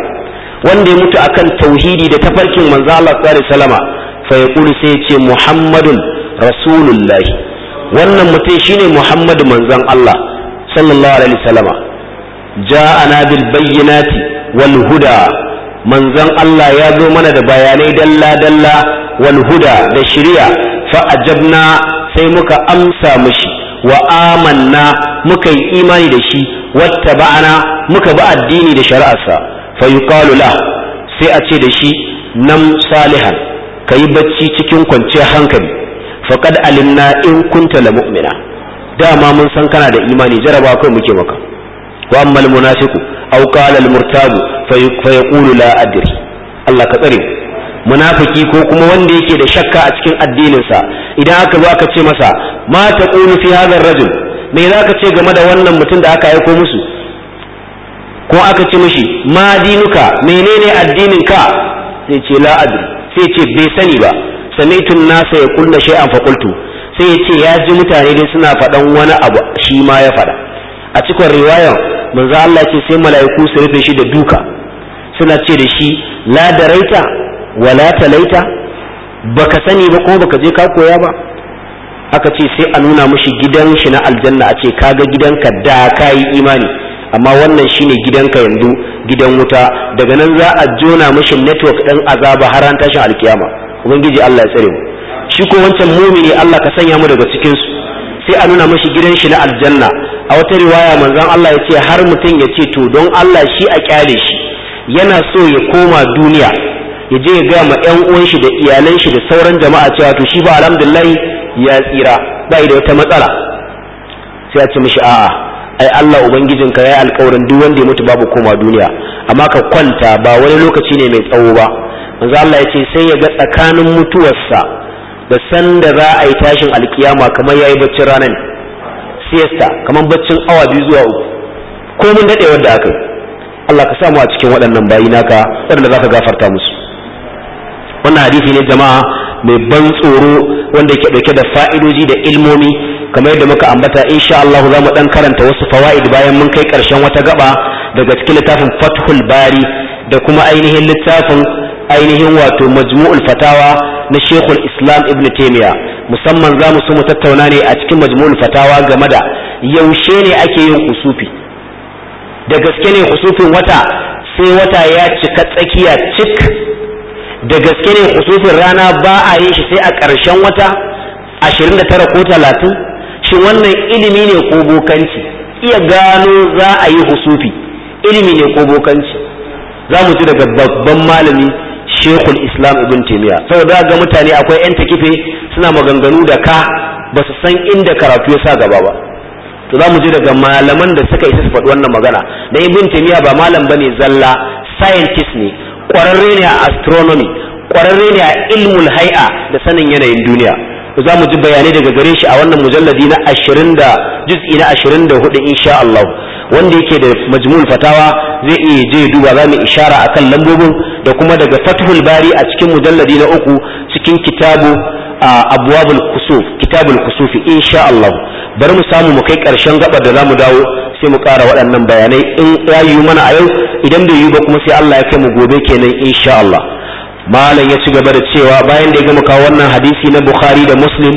wanda ya mutu akan tauhidi da tafarkin manzo Allah sallallahu alaihi wasallama fa yaqulu sai yace muhammadun rasulullahi wannan mutum shine muhammadu manzon Allah sallallahu alaihi wasallama ja'ana bil bayyinati wal huda manzon Allah ya zo mana da bayanai dalla dalla wal huda da shari'a fa ajabna sai muka amsa mushi wa amanna muka yi imani da shi wata ba'ana muka bi addini da shari'arsa fa yuqalu la sai a ce da shi nam salihan kayi bacci cikin kwanciyar hankali faqad alimna in kunta la mu'mina dama mun san kana da imani jaraba kai muke maka wa ammal munafiqu aw qala al murtabu fa yaqulu la adri Allah ka tsare munafiki ko kuma wanda yake da shakka a cikin addininsa idan aka zo aka ce masa ma taqulu fi hadha rajul me ka ce game da wannan mutum da aka aiko musu ko aka ce mishi ma dinuka menene addinin ka sai ce la adri sai ce bai sani ba sami'tu nasa ya kulla shi an fakultu sai ya ce ya ji mutane dai suna faɗan wani abu shi ma ya faɗa a cikin riwayar manzo Allah ce sai mala'iku su rufe shi da duka suna ce da shi la daraita wala talaita baka sani ba kuma baka je ka koya ba aka ce sai a nuna mushi gidan shi na aljanna a ce kaga gidanka da ka yi imani amma wannan shine gidanka yanzu gidan wuta daga nan za a jona mushi network ɗin azaba har an tashin alkiyama ubangiji Allah ya tsare mu shi ko wancan mumini Allah ka sanya mu daga cikin su sai a nuna mushi gidan shi na aljanna a wata riwaya manzon Allah ya ce har mutum ya ce to don Allah shi a kyale shi yana so ya koma duniya ya je ya gaya ma yan uwan shi da iyalan shi da sauran jama'a cewa to shi ba alhamdulillah ya tsira ba da wata matsala sai ya ce mishi a'a ai Allah ka ya alƙawarin duk wanda ya mutu babu koma duniya amma ka kwanta ba wani lokaci ne mai tsawo ba manzo Allah ya ce sai ya ga tsakanin mutuwarsa da sanda za a yi tashin alkiyama kamar yayi baccin ranan siesta kamar baccin awa biyu zuwa uku ko mun dade wanda aka Allah ka samu a cikin waɗannan bayi naka waɗanda za ka gafarta musu wannan hadisi ne jama'a mai ban tsoro wanda yake dauke da fa'idoji da ilmomi kamar yadda muka ambata insha Allah za mu dan karanta wasu fawaid bayan mun kai karshen wata gaba daga cikin littafin Fathul Bari da kuma ainihin littafin ainihin wato Majmu'ul Fatawa na Sheikhul Islam Ibn Taymiyyah musamman za mu so mu tattauna ne a cikin Majmu'ul Fatawa game da yaushe ne ake yin kusufi da gaske ne kusufin wata sai wata ya cika tsakiya cik da gaske ne kususin rana ba a yi shi sai a ƙarshen wata 29 ko 30 shi wannan ilimi ne ko bokanci iya gano za a yi husufi ilimi ne ko bokanci za mu ji daga babban malami shekul islam ibn taimiyya saboda ga mutane akwai 'yan takife suna maganganu da ka ba su san inda karatu ya sa gaba ba to za mu ji daga malaman da suka isa su faɗi wannan magana da ibn taymiya ba malam bane zalla scientist ne kwararre ne a astronomy kwararre ne a ilmul hai'a da sanin yanayin duniya za mu ji bayanai daga gare shi a wannan mujalladi na ashirin da juz'i na ashirin da hudu insha Allah wanda yake da majmul fatawa zai iya je duba za mu ishara akan lambobin da kuma daga fathul bari a cikin mujalladi na uku cikin kitabu abwabul kusuf kitabul kusufi insha Allah bari mu samu mu kai karshen gaba da zamu dawo sai mu ƙara waɗannan bayanai in ya yi mana a yau idan bai yi ba kuma sai Allah ya kai mu gobe kenan insha Allah malam ya ci gaba da cewa bayan da ya gama kawo wannan hadisi na bukhari da muslim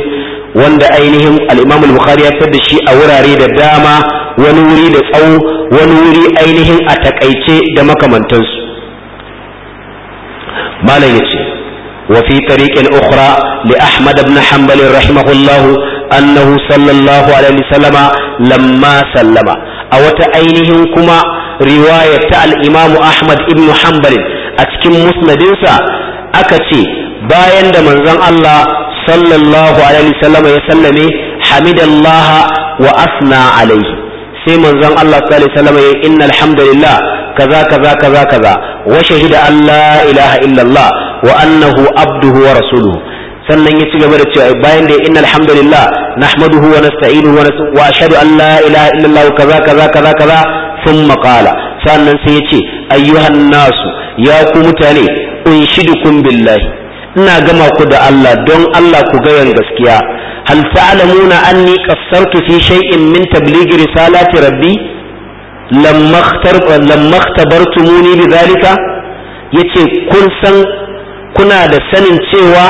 wanda ainihin al-imam bukhari ya fitar da shi a wurare da dama wani wuri da tsawo wani wuri ainihin a takaice da makamantansu malam ya ce وفي طريق أخرى لأحمد بن حنبل رحمه الله أنه صلى الله عليه وسلم لما سلم أو تأينهم كما رواية الإمام أحمد بن حنبل a cikin musnadinsa aka ce bayan da manzon Allah sallallahu alaihi wasallam ya sallame hamidallaha wa asna alaihi sai manzon Allah sallallahu alaihi wasallam ya inna alhamdulillah kaza kaza kaza kaza wa shahida an la ilaha illallah wa annahu abduhu wa rasuluhu sannan ya ci gaba da cewa bayan da inna alhamdulillah nahmaduhu wa nasta'inuhu wa wa ashhadu an la ilaha illallah kaza kaza kaza kaza thumma qala sannan sai ya ce ayyuhan nasu ya ku mutane kun billahi ina gama ku da Allah don Allah ku gayan gaskiya hal ta'lamuna anni qassartu fi shay'in min tablighi risalati rabbi lamma akhtar lamma akhtabartumuni bidhalika yace kun san kuna da sanin cewa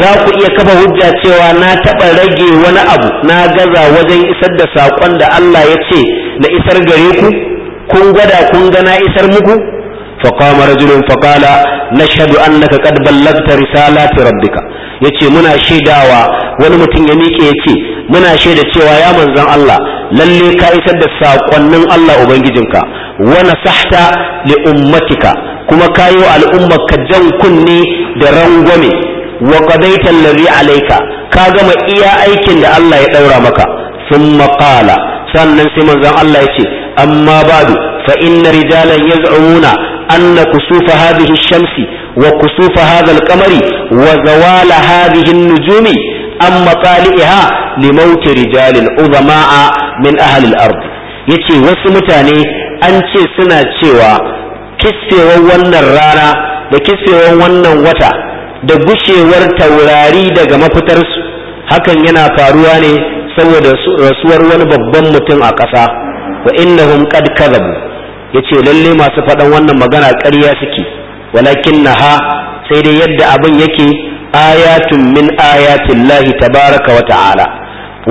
za ku iya kafa hujja cewa na taɓa rage wani abu na gaza wajen isar da saƙon da Allah ya ce na isar gare ku kun gwada kun ga na isar muku فقام رجل فقال نشهد أنك قد بلغت رسالات ربك yace muna shaidawa wani mutum ya miƙe yace muna shaida cewa ya manzon Allah lalle ka isar da saƙonnin Allah ubangijinka ka, nasahta li ummatika kuma kayo al'ummarka jan kunne da rangwame wa ƙadaita lalle alayka ka gama iya aikin da Allah ya ɗaura maka sun maƙala, sannan sai manzon Allah yace amma babu fa inna rijalan yaz'umuna أن كسوف هذه الشمس وكسوف هذا القمر وزوال هذه النجوم أم مطالئها لموت رجال عظماء من أهل الأرض يتي وسمتاني أنت سنة سوى كسفة ونن رانا لكسفة ونن وتا da gushewar taurari daga mafitarsu hakan yana faruwa ne saboda rasuwar wani babban mutum a ƙasa wa innahum qad kadhabu yace lalle masu faɗan wannan magana ƙarya suke walakin naha sai dai yadda abin yake ayatun min ayatin lahi tabaraka wa ta'ala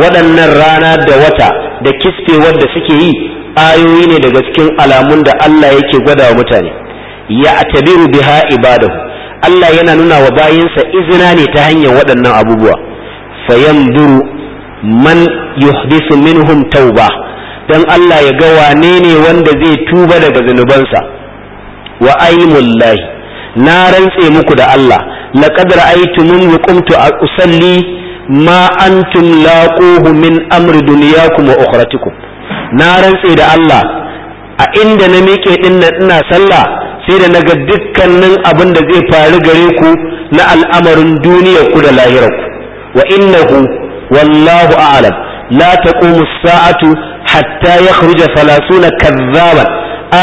waɗannan rana da wata da kisfewar da suke yi ayoyi ne daga cikin alamun da Allah yake gwada wa mutane ya atabiru biha ibadahu Allah yana nuna wa bayinsa izina ne ta hanyar waɗannan abubuwa fayanzuru man yuhdisu minhum tauba don Allah ya ga wane ne wanda zai tuba daga zunubansa wa aimullahi na rantse muku da Allah laqad ra'aytumun yuqumtu a usalli ma antum laquhu min amri dunyakum wa ukhratikum na rantse da Allah a inda na miƙe din ina sallah sai da naga dukkanin abin da zai faru gare ku na al'amarin duniyar ku da lahirar ku wa innahu wallahu a'lam la taqumu as-sa'atu hatta ya kharuja salasuna kazzaban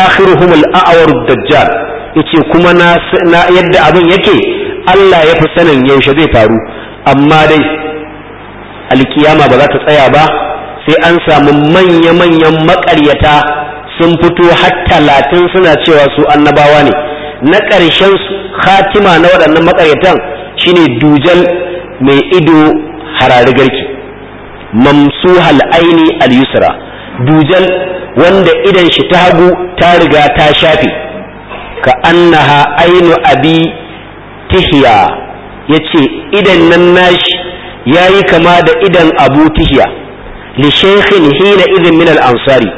akhiruhum al-a'war ad-dajjal yace kuma na yadda abin yake Allah ya fi sanin yaushe zai faru amma dai alkiyama ba za ta tsaya ba sai an samu manya-manyan makaryata sun fito har talatin suna cewa su annabawa ne na ƙarshen khatima na waɗannan makaryatan shine dujal mai ido hararigarki, garki mamsuhal aini al-yusra dujal wanda idan shi ta hagu ta riga ta shafe ka annaha ainu abi tihiya yace idan nan nashi yayi kama da idan abu tihiya li hina idhin min al ansari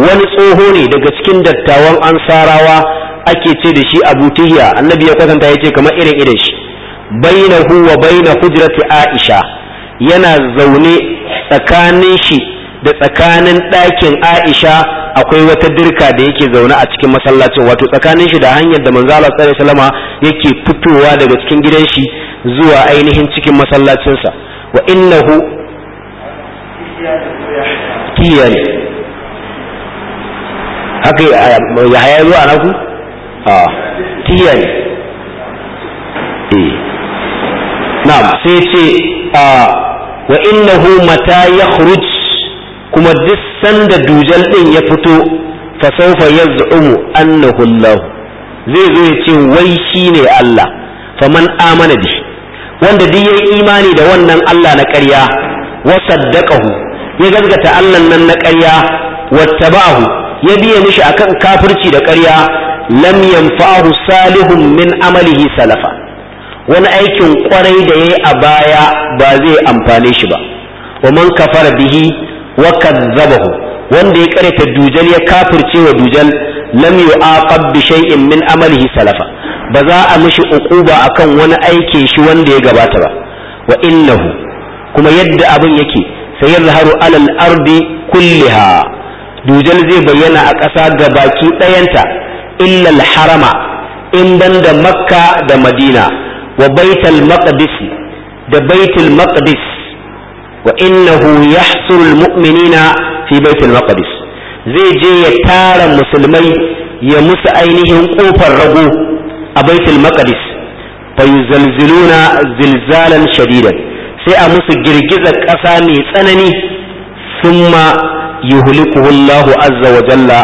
wani tsoho ne daga cikin dattawan ansarawa ake ce da shi abu tihiya annabi ya kwatanta yace kama irin idan shi bainahu wa baina hujrati aisha yana zaune tsakanin shi da tsakanin ɗakin Aisha akwai wata dirka da yake zaune a cikin masallacin wato tsakanin shi da hanyar da manzo Allah sallallahu alaihi wasallama yake fitowa daga cikin gidan shi zuwa ainihin cikin masallacinsa wa innahu kiyani haka ya haya zuwa naku a kiyani eh. na'am sai ce wa innahu mata yakhruj kuma duk sanda dujal din ya fito fa saufa yaz'umu annahu Allah zai zo ya ce wai shine Allah Fa faman amana bi wanda duk yayi imani da wannan Allah na ƙarya wa saddaqahu ya gaskata Allah nan na ƙarya ba'ahu ya biye mishi akan kafirci da ƙarya lam yanfa'u salihun min amalihi salafa wani aikin kwarai da yayi a baya ba zai amfane shi ba wa man kafara bihi wa kadzabahu wanda ya karyata dujal ya kafirce wa dujal lam yu'aqab bi shay'in min amalihi salafa ba za a mishi uquba akan wani aikin shi wanda ya gabata ba wa innahu kuma yadda abin yake haru alal ardi kulliha dujal zai bayyana a ƙasa ga baki ɗayanta illal harama in ban da makka da madina wa baitul maqdis da baitul maqdis wa innahu yahsuru almu'minina fi baitul maqdis zai je ya tara musulmai ya musu ainihin ƙofar rago a baitul Maƙadis? Bai yuzalziluna zilzalan shadidan sai a musu girgizar ƙasa mai tsanani thumma yuhlikuhu Allahu azza wa jalla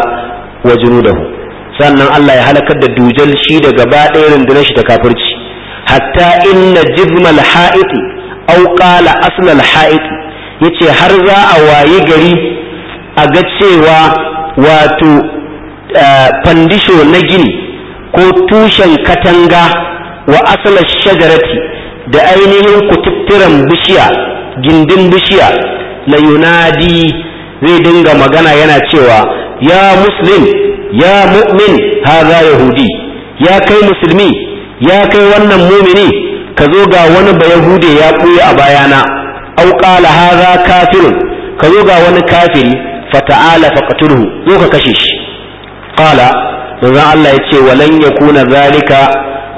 wa junudahu sannan Allah ya halakar da dujal shi da gaba ɗaya rundunar shi ta kafirci hatta inna jizmal ha'iti au asnal aslal ha'id ce har za a wayi gari a ga cewa wato eh, fandisho na gini ko tushen katanga wa asalar shagarati da ainihin kututturan bishiya gindin bishiya na yunadi zai dinga magana yana cewa ya muslim ya mu'min haza yahudi ya kai musulmi ya kai wannan mumini ka zo ga wani bayahude ya ɓuya a bayana au qala haza kafirun ka zo ga wani kafiri fa faqtulhu zo ka kashe shi qala manzo Allah ya ce walan yakuna zalika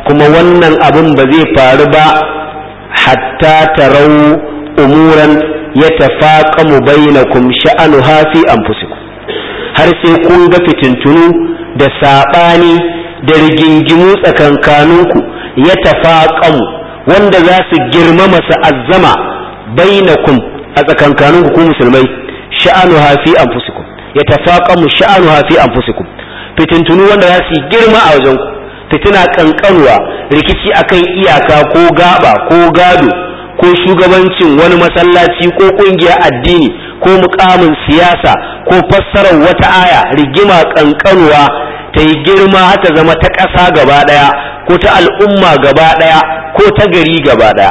kuma wannan abin ba zai faru ba hatta tarau umuran yatafaqamu bainakum sha'anu fi anfusikum har sai kun ga fitintunu da saɓani da rigingimu tsakankaninku ya mu. wanda za su girmama su azzama bainakum a tsakankanin ku musulmai sha'anu hafi anfusikum yatafaqamu sha'anu hafi anfusikum fitintunu wanda za su girma a wajen ku fitina kankanwa rikici akan iyaka ko gaba ko gado ko shugabancin wani masallaci ko kungiyar addini ko mukamin siyasa ko fassarar wata aya rigima kankanwa ta yi girma ta zama ta ƙasa gaba ɗaya ko ta al'umma gaba ɗaya ko ta gari gaba ɗaya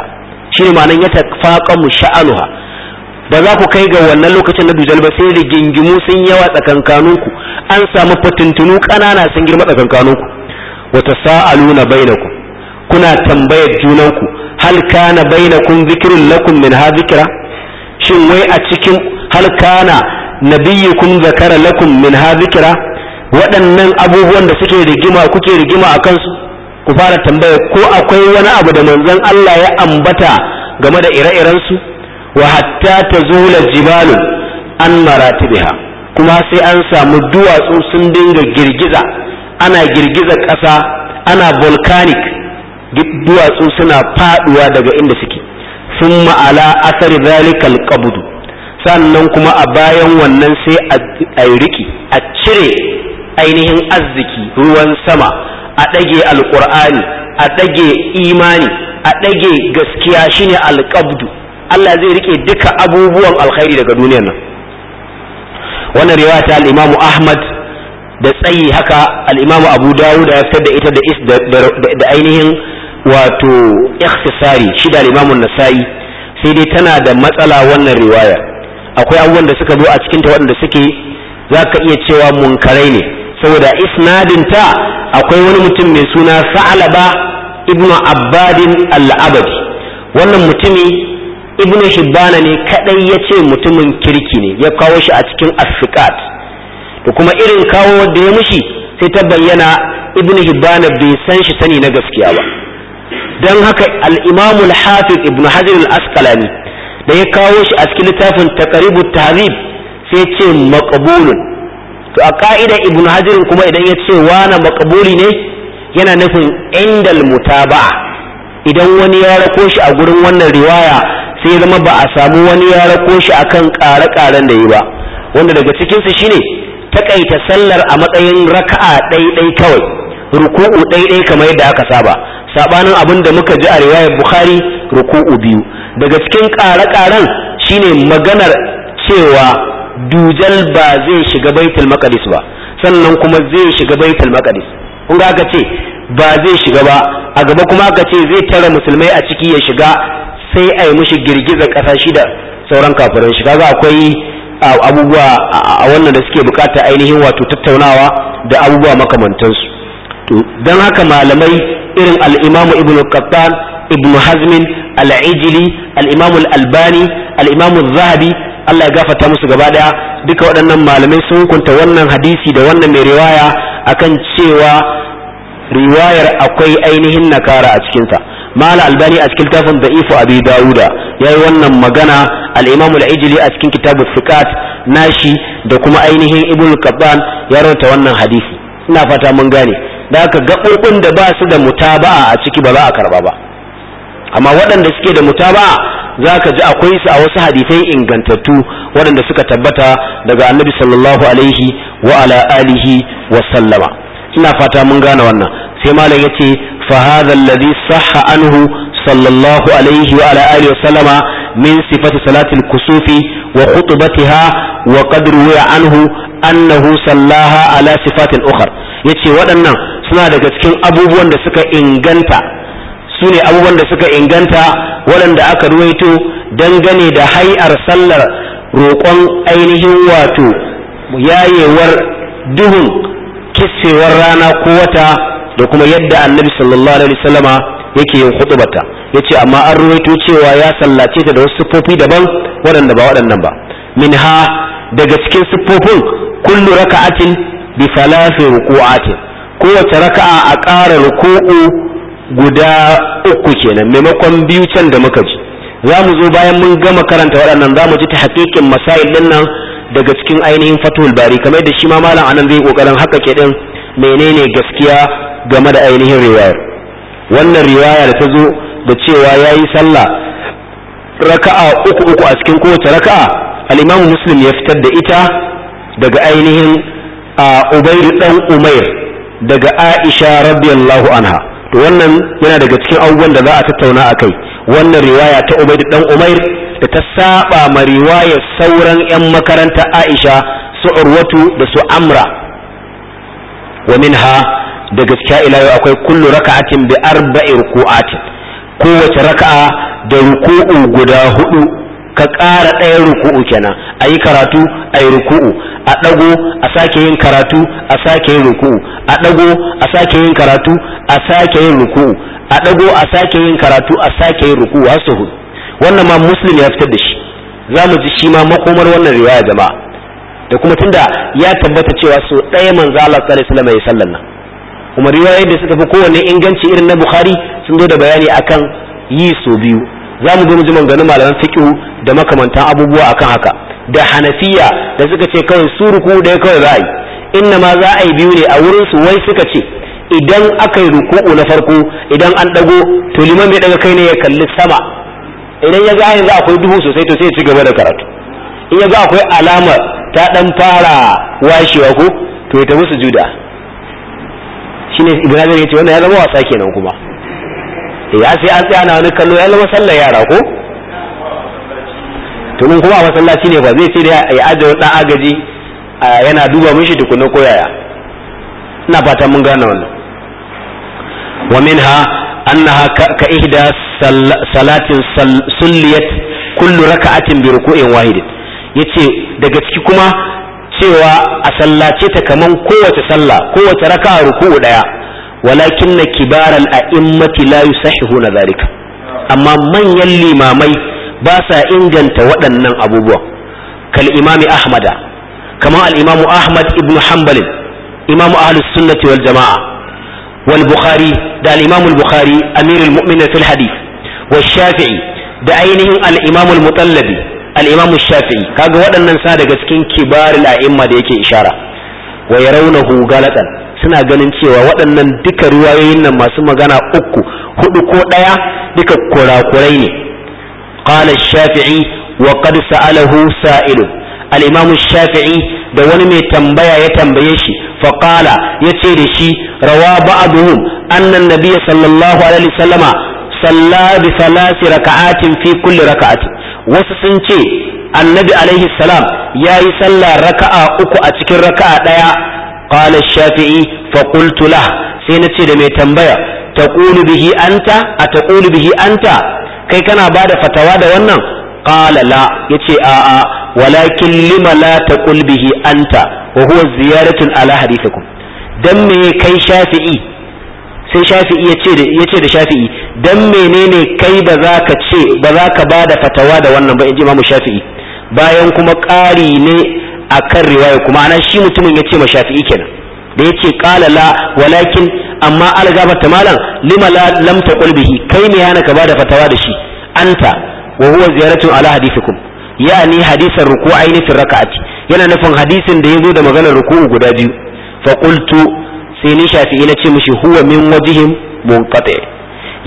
shi ne ma'anin ya tafaƙa mu sha'anuha ba za ku kai ga wannan lokacin na dujal ba sai gingimu sun yawa tsakankaninku an samu fitintunu ƙanana sun girma tsakankaninku wata sa'aluna bainaku kuna tambayar junanku hal kana bainakum zikirin lakum min ha zikra shin wai a cikin hal kana nabiyyukum zakara lakum min ha zikra waɗannan abubuwan da suke rigima kuke rigima a kansu ku fara tambaya ko akwai wani abu da manzon Allah ya ambata game da ire-irensu wa hatta zula jibalu an maratibiha kuma sai an samu duwatsu sun dinga girgiza ana girgiza ƙasa ana volcanic duwatsu suna faɗuwa daga inda suke sun ma'ala asar zalikal kabudu sannan kuma a bayan wannan sai a riki a cire ainihin arziki ruwan sama a ɗage alƙur'ani a ɗage imani a ɗage gaskiya shine alƙabdu Allah zai rike duka abubuwan alkhairi daga duniyar nan wannan riwaya ta al-Imam Ahmad da tsayi haka al-Imam Abu Dawud ya fitar da ita da da ainihin wato ikhtisari shi da al-Imam nasai sai dai tana da matsala wannan riwaya akwai abubuwan da suka zo a cikin ta waɗanda suke zaka iya cewa munkarai ne saboda isnadinta akwai wani mutum mai suna sa'alaba ibnu abbadin al'abadi wannan mutumi ibnu hibbana ne kadai ya ce mutumin kirki ne ya kawo shi a cikin asfiqat da kuma irin kawo da ya mushi sai ta bayyana ibnu hibbana bai san shi sani na gaskiya ba don haka al-imam al-hafiz ibnu hajar al-asqalani da ya kawo shi a cikin littafin taqribut tahrib sai ce maqbulun to a ka'ida ibn hajirin kuma idan ya ce wana makabuli ne yana nufin indal mutaba'a idan wani ya rako shi a gurin wannan riwaya sai zama ba a samu wani ya rako shi akan ƙare-ƙaren da yi ba wanda daga cikinsu shine takaita sallar a matsayin raka'a ɗaiɗai kawai ruku'u ɗaiɗai kamar yadda aka saba sabanin abin da muka ji a riwayar bukhari ruku'u biyu daga cikin ƙare-ƙaren shine maganar cewa dujal ba zai shiga baitul maqdis ba sannan kuma zai shiga baitul maqdis kun ga aka ce ba zai shiga ba a gaba kuma aka ce zai tara musulmai a ciki ya shiga sai a yi mushi girgiza ƙasa shi da sauran kafirai shiga ga akwai abubuwa a wannan da suke bukata ainihin wato tattaunawa da abubuwa makamantansu to don haka malamai irin al-imamu ibnu qattan ibnu hazmin al-ijli al-imamu al-albani al-imamu zahabi Allah ya gafarta musu gaba daya duka waɗannan malamai sun hukunta wannan hadisi da wannan mai riwaya akan cewa riwayar akwai ainihin nakara a cikinsa mala albani a cikin tafin da ifo abi dauda ya yi wannan magana al-imam al a cikin kitabu sikat nashi da kuma ainihin ibn kabban ya rawata wannan hadisi ina fata mun gane da haka gaɓoɓin da ba su da mutaba'a a ciki ba za a karba ba amma waɗanda suke da mutaba'a za ka ji akwai su a wasu hadisai ingantattu waɗanda suka tabbata daga annabi sallallahu alaihi wa ala alihi wa sallama ina fata mun gane wannan sai malam yace fa hadha alladhi sahha anhu sallallahu alaihi wa ala alihi wa sallama min sifati salati al-kusufi wa khutbatiha wa qad ruwiya anhu annahu sallaha ala sifatin ukhra yace waɗannan suna daga cikin abubuwan da suka inganta su ne abubuwan da suka inganta waɗanda aka ruwaito dangane da hai'ar sallar roƙon ainihin wato yayewar duhun kissewar rana ko wata da kuma yadda annabi sallallahu alaihi wasallama yake yin hudubata yace amma an ruwaito cewa ya sallace ta da wasu siffofi daban waɗanda ba waɗannan ba minha daga cikin siffofin kullu raka'atin bi salasi ruku'atin kowace raka'a a ƙara ruku'u guda uku kenan maimakon biyu can da muka ji za mu zo bayan mun gama karanta waɗannan za mu ji ta haƙiƙin masail nan daga cikin ainihin fatul bari kamar da shi ma malam anan zai ƙoƙarin haka ke ɗin menene gaskiya game da ainihin riwayar wannan riwaya da ta zo da cewa ya yi sallah raka'a uku uku a cikin kowace raka'a al'imamu muslim ya fitar da ita daga ainihin a ubairu dan umair daga aisha radiyallahu anha to wannan yana daga cikin abubuwan da za a tattauna a kai wannan riwaya ta ubaid dan umair da ta saba ma riwayar sauran yan makaranta aisha su urwatu da su amra wa minha da gaskiya ila akwai kullu raka'atin bi arba'i ruku'atin kowace raka'a da ruku'u guda hudu ka ƙara ɗaya ruku'u kenan a yi karatu a yi ruku'u a ɗago a sake yin karatu a sake yin ruku'u a ɗago a sake yin karatu a sake yin ruku'u a ɗago a sake yin karatu a sake yin ruku'u har su hudu wannan ma muslim ya fitar da shi za mu ji shi ma makomar wannan riwaya jama'a da kuma tunda ya tabbata cewa so ɗaya manzo Allah sallallahu alaihi wasallam ya sallan nan kuma riwaya da suka fi kowanne inganci irin na Bukhari sun zo da bayani akan yi so biyu za mu zo mu ji maganganun malaman fiqh da makamantan abubuwa akan haka da hanafiya da suka ce kawai su ruku da kawai za a yi inna ma za a yi biyu ne a wurin su wai suka ce idan aka yi ruku'u na farko idan an dago to liman bai daga kai ne ya kalli sama idan ya ga za akwai duhu sosai to sai ya ci gaba da karatu in ya ga akwai alamar ta dan fara washewa ko to ya tafi sujuda shine ibrahim ya ce wannan ya zama wasa kenan kuma ya sai an tsaya na wani kallo ya zama sallar yara ko tunin kuma a masallaci ne ba zai ce da ya aje wani dan agaji yana duba mishi tukunna ko yaya ina fata mun gane wannan wa minha annaha ka ihda salatin sulliyat kullu raka'atin bi ruku'in wahidin yace daga ciki kuma cewa a sallace ta kaman kowace sallah kowace raka'a ruku'u daya walakin na kibarar a immati la yusahihu na zalika amma manyan limamai ba sa inganta waɗannan abubuwa kal imami ahmada kamar al'imamu imamu ahmad ibn hanbalin imamu ahlus sunnati wal jama'a wal bukhari da al imamu amirul mu'minin fil hadith wal shafi'i da ainihin al imamu al shafi'i kaga waɗannan sa daga cikin kibarul a'imma da yake ishara wa yarawnahu galatan suna ganin cewa waɗannan duka riwayoyin nan masu magana uku hudu ko ɗaya duka kurakurai ne qala shafi'i wa qad sa'alahu sa'ilun al-imam shafi'i da wani mai tambaya ya tambaye shi fa qala yace da shi rawa ba'duhum anna an-nabiy sallallahu alaihi wasallama salla salasi raka'atin fi kulli raka'ati wasu sun ce annabi alaihi salam yayi sallah raka'a uku a cikin raka'a ɗaya. qala shafi'i fa sai na ce da mai tambaya taqulu bihi anta a taqulu bihi anta kai kana bada fatawa da wannan qala la yace a'a walakin lima la taqul bihi anta wa huwa ziyaratun ala hadithikum me kai shafi'i sai shafi'i ya ce da shafi'i dan menene kai ba za ka ce ba za ka ba da fatawa da wannan ba in ji imamu shafi'i bayan kuma ƙari ne akan riwaya kuma ana shi mutumin ya ce ma shafi'i kenan da ya ce ƙala la walakin amma algaba ta malam lima la lam bihi kai me hana ka ba da fatawa da shi anta wa huwa ziyaratun ala hadithikum yani hadisan ruku'aini fi raka'ati yana nufin hadisin da ya zo da maganar ruku'u guda biyu fa qultu sai ni shafi'i na ce mishi huwa min wajihin munqati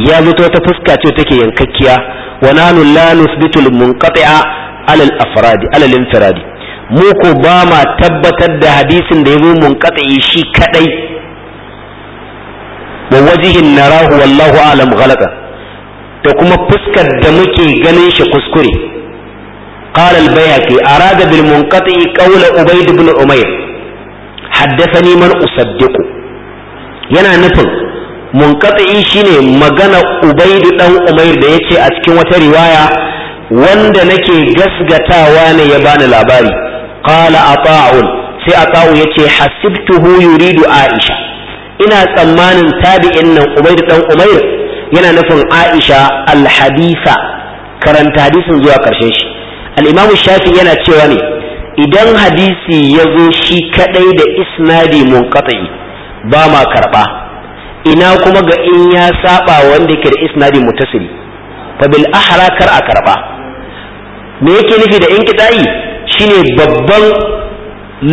ya zo ta fuska ce take yankakkiya wa nanu la nuthbitu al munqati'a ala al afradi ala al infiradi mu ko ba ma tabbatar da hadisin da yazo munqati shi kadai wa wajihin narahu wallahu a'lam ghalata da kuma fuskar da muke ganin shi kuskure قال البيهقي أراد بالمنقطع قول أبيد بن عمير حدثني من أصدقه yana nufin munkatsi shine magana ubaidu dan umair da yace a cikin wata riwaya wanda nake gasgatawa ne ya bani labari qala ata'un sai ata'u yace hasibtuhu yuridu aisha ina tsammanin tabi'in nan ubaidu dan umair yana nufin aisha alhadisa karanta hadisin zuwa karshen shi al-imam shafi yana cewa ne idan hadisi ya zo shi kadai da isnadi munkatsi ba ma karɓa ina kuma ga in ya saba wanda yake da isnadi mutasili fa bil ahra kar a karɓa me yake nufi da in inqita'i shine babban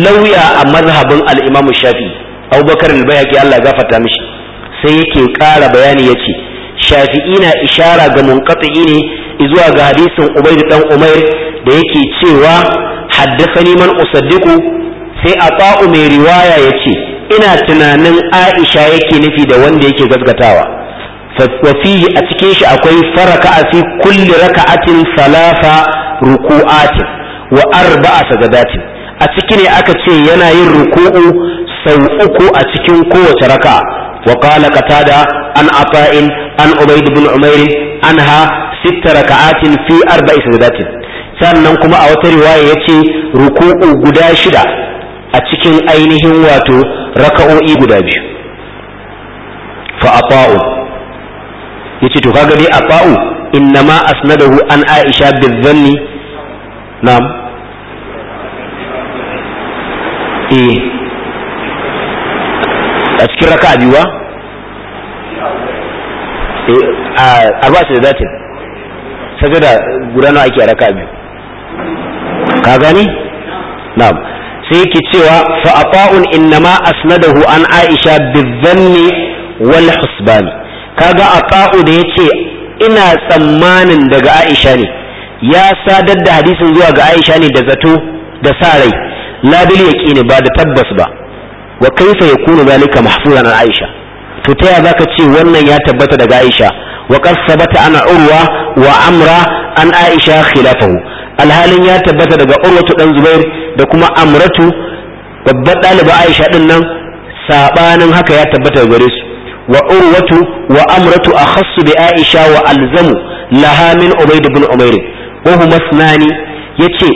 lauya a mazhabin al-Imam Shafi'i Abubakar al bayhaqi Allah ya gafarta mishi sai yake ƙara bayani yace Shafi'i na ishara ga munqati ne zuwa ga hadisin Ubayd dan Umair da yake cewa haddathani man usaddiqu sai ata'u mai riwaya yace ina tunanin Aisha yake nufi da wanda yake gazgatawa wa fihi a cikin shi akwai faraka fi kulli raka'atin salafa ruku'atin wa a sajadatin a ciki ne aka ce yana yin ruku'u sau uku a cikin kowace raka'a wa qala qatada an afa'in an ubayd bin umair anha sitta raka'atin fi arba'i sajadatin sannan kuma a wata riwaya yace ruku'u guda shida a cikin ainihin wato raka'o'i guda biyu fa ata'u yace to kaga dai inna ma asnadahu an aisha bizanni na'am E! a cikin raka'a biyu wa eh arba'a da sajada guda nawa ake a raka'a biyu ka gani na'am sai ki cewa fa innama asnadahu an aisha bizanni wal husban kaga ata'u da yace ina tsammanin daga aisha ne ya sadar da hadisin zuwa ga aisha ne da zato da sa rai la bil yaqini ba da tabbas ba wa kaifa yakunu zalika mahfuzan an aisha to ta zaka ce wannan ya tabbata daga aisha wa qad sabata ana urwa wa amra an aisha khilafahu alhalin ya tabbata daga urwatu dan zubair da kuma amratu babbar ɗaliba aisha din nan sabanin haka ya tabbata gare su wa urwatu wa amratu akhassu bi aisha wa alzamu laha min ubayd ibn umayr wa huma sunani yace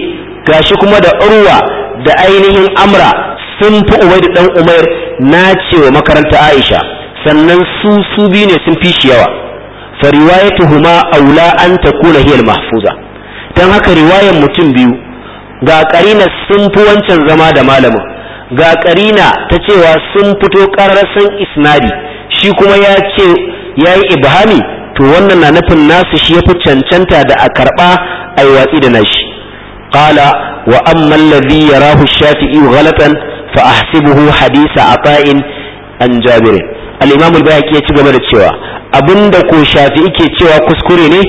gashi kuma da urwa da ainihin amra sun fi ubayd dan umayr na ce wa makaranta aisha sannan su su biyu ne sun fi shi yawa fa riwayatuhuma aula an takuna hiya al mahfuza don haka riwayan mutum biyu ga karina sun fi wancan zama da malamin ga karina ta cewa sun fito ƙararsan isnadi shi kuma ya ce ya yi ibhami to wannan na nufin nasu shi ya fi cancanta da a karɓa a yi watsi da nashi Ƙala wa Amman alladhi yarahu shafi'i ghalatan fa ahsibuhu hadisa ata'in an jabirin al-imam al-bayhaqi ya ci gaba da cewa abinda ko shafi'i ke cewa kuskure ne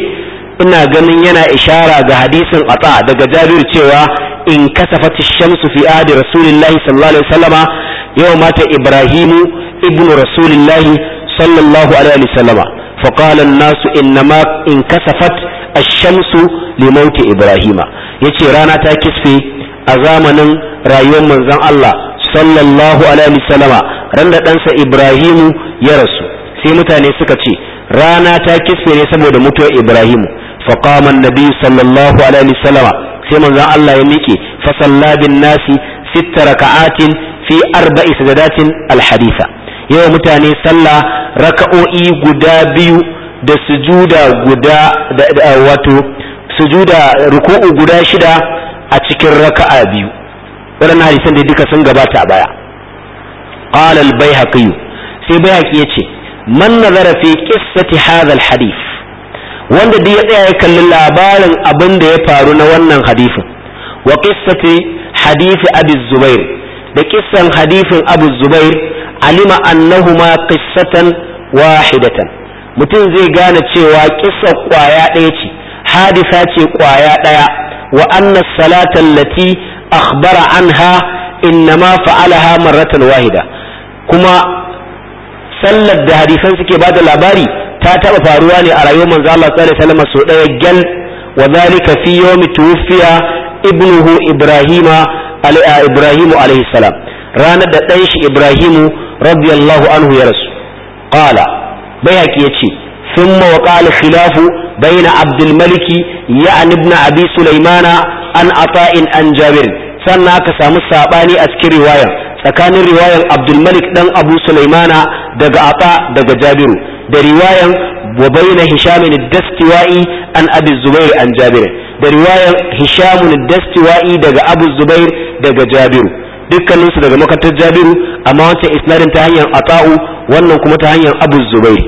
ina ganin yana ishara ga hadisin ata daga jabir cewa in kasafat shamsu fi adi rasulillahi sallallahu alaihi wasallama yau mata ibrahim ibnu rasulillahi sallallahu alaihi wasallama fa qala an-nas innama in kasafat ash-shamsu li mauti ibrahima yace rana ta kisfe a zamanin rayuwar manzon Allah sallallahu alaihi wasallama ran da ɗansa Ibrahim ya rasu sai mutane suka ce rana ta kisfe ne saboda mutuwar Ibrahim. فقام النبي صلى الله عليه وسلم سيما ذا الله يميكي فصلى بالناس ست ركعات في أربع سجدات الحديثة يوم متاني صلى ركعوئي قدابي da sujuda guda da sujuda ruku'u guda shida a cikin raka'a biyu waɗannan hadisan da duka sun gabata a baya qala al-baihaqi sai baihaqi yace man nazara fi qissati wanda da ya tsaya ya kalli labarin abin da ya faru na wannan hadisin wa qissati hadisi abi zubair da kissan hadisin abu zubair alima annahuma qissatan wahidatan mutum zai gane cewa kissa kwaya ɗaya ce hadisa ce kwaya ɗaya wa anna salata allati akhbara anha innama fa'alaha marratan wahida kuma sallar da hadisan suke bada labari ta taba faruwa ne a rayuwar manzo Allah sallallahu alaihi wasallam so daya gal wa zalika fi yawmi tuwfiya ibnuhu ibrahima ibrahimu alaihi salam ranar da ɗan shi ibrahimu radiyallahu anhu ya rasu qala bayhaqi yace thumma wa qala khilafu bayna abdul maliki ya ibn abi sulaimana an ata'in an jabir sannan aka samu sabani a cikin riwayar tsakanin riwayar abdulmalik dan abu sulaimana daga ata daga jabiru da riwayan wa hishamin dastiwa'i an abi zubair an jabir da riwayan hishamun dastiwa'i daga abu zubair daga jabiru dukkaninsu daga makatar jabiru amma wancan isnadin ta hanyar ata'u wannan kuma ta hanyar abu zubair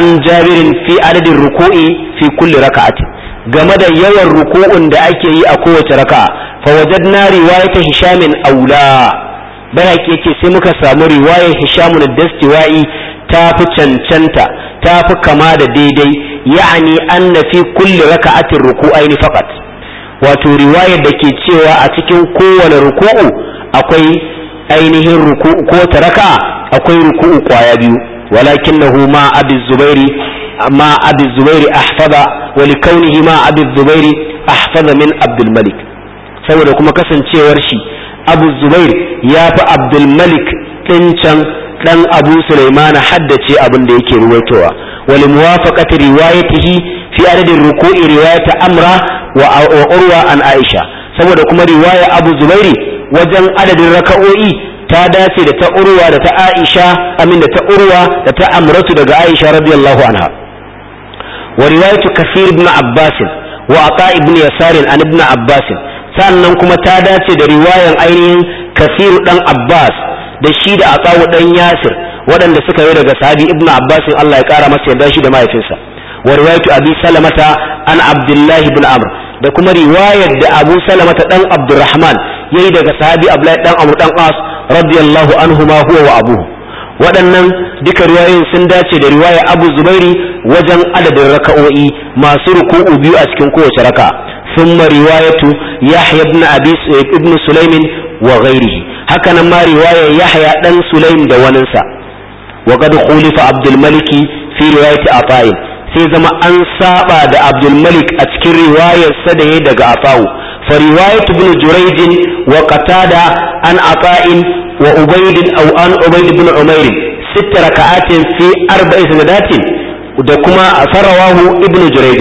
an jabirin fi adadin ruku'i fi kulli raka'atin game da yawan ruku'un da ake yi a kowace raka fa wajadna riwayata hishamin aula Bara keke sai muka samu riwayar hisham dastiwai ta fi cancanta ta fi kama da daidai ya'ani anna fi kulli raka'atin ruku'aini faqat wato riwayar da ke cewa a cikin kowane ruku'u akwai ainihin ruku'u ko ta raka'a akwai ruku'u kwaya biyu walakinahu ma abi zubairi ma abi zubairi Ahfada wa likaunihi ma abi zubairi Ahfada min abdul malik saboda kuma kasancewar shi abu zubair ya fi abdulmalik ɗin can ɗan abu sulaimana haddace abin da yake ruwaitowa wali muwafaqati riwayatihi fi adadin ruku'i riwayata amra wa urwa an aisha saboda kuma riwaya abu zubairi wajen adadin raka'o'i ta dace da ta urwa da ta aisha amin da ta urwa da ta amratu daga aisha radiyallahu anha wa riwayatu kasir ibn abbas wa ata ibn yasar an ibn abbas sannan kuma ta dace da riwayan ainihin kasiru dan abbas da shi da a tsawo dan yasir waɗanda suka yi daga sahabi Ibn abbas Allah ya kara masa yarda shi da mahaifinsa wa riwayatu abi salamata an abdullahi ibn amr da kuma riwayar da abu salamata dan abdurrahman yayi daga sahabi abdullahi dan amr dan as radiyallahu anhuma huwa wa abu. waɗannan duka riwayoyin sun dace da riwaya abu zubairi wajen adadin raka'o'i masu ruku'u biyu a cikin kowace raka'a ثم رواية يحيى بن أبي ابن سليم وغيره هكذا ما رواية يحيى بن سليم دوننسا وقد خولف عبد الملك في رواية عطاء sai zama an saba da Abdulmalik a cikin riwayar sa da ya daga afawu fa riwayatu ibn Jurayj wa Qatada an Ata'in wa Ubayd aw an Ubayd ibn Umayr sitt raka'atin fi arba'i sanadatin da kuma sarawahu ibn Jurayj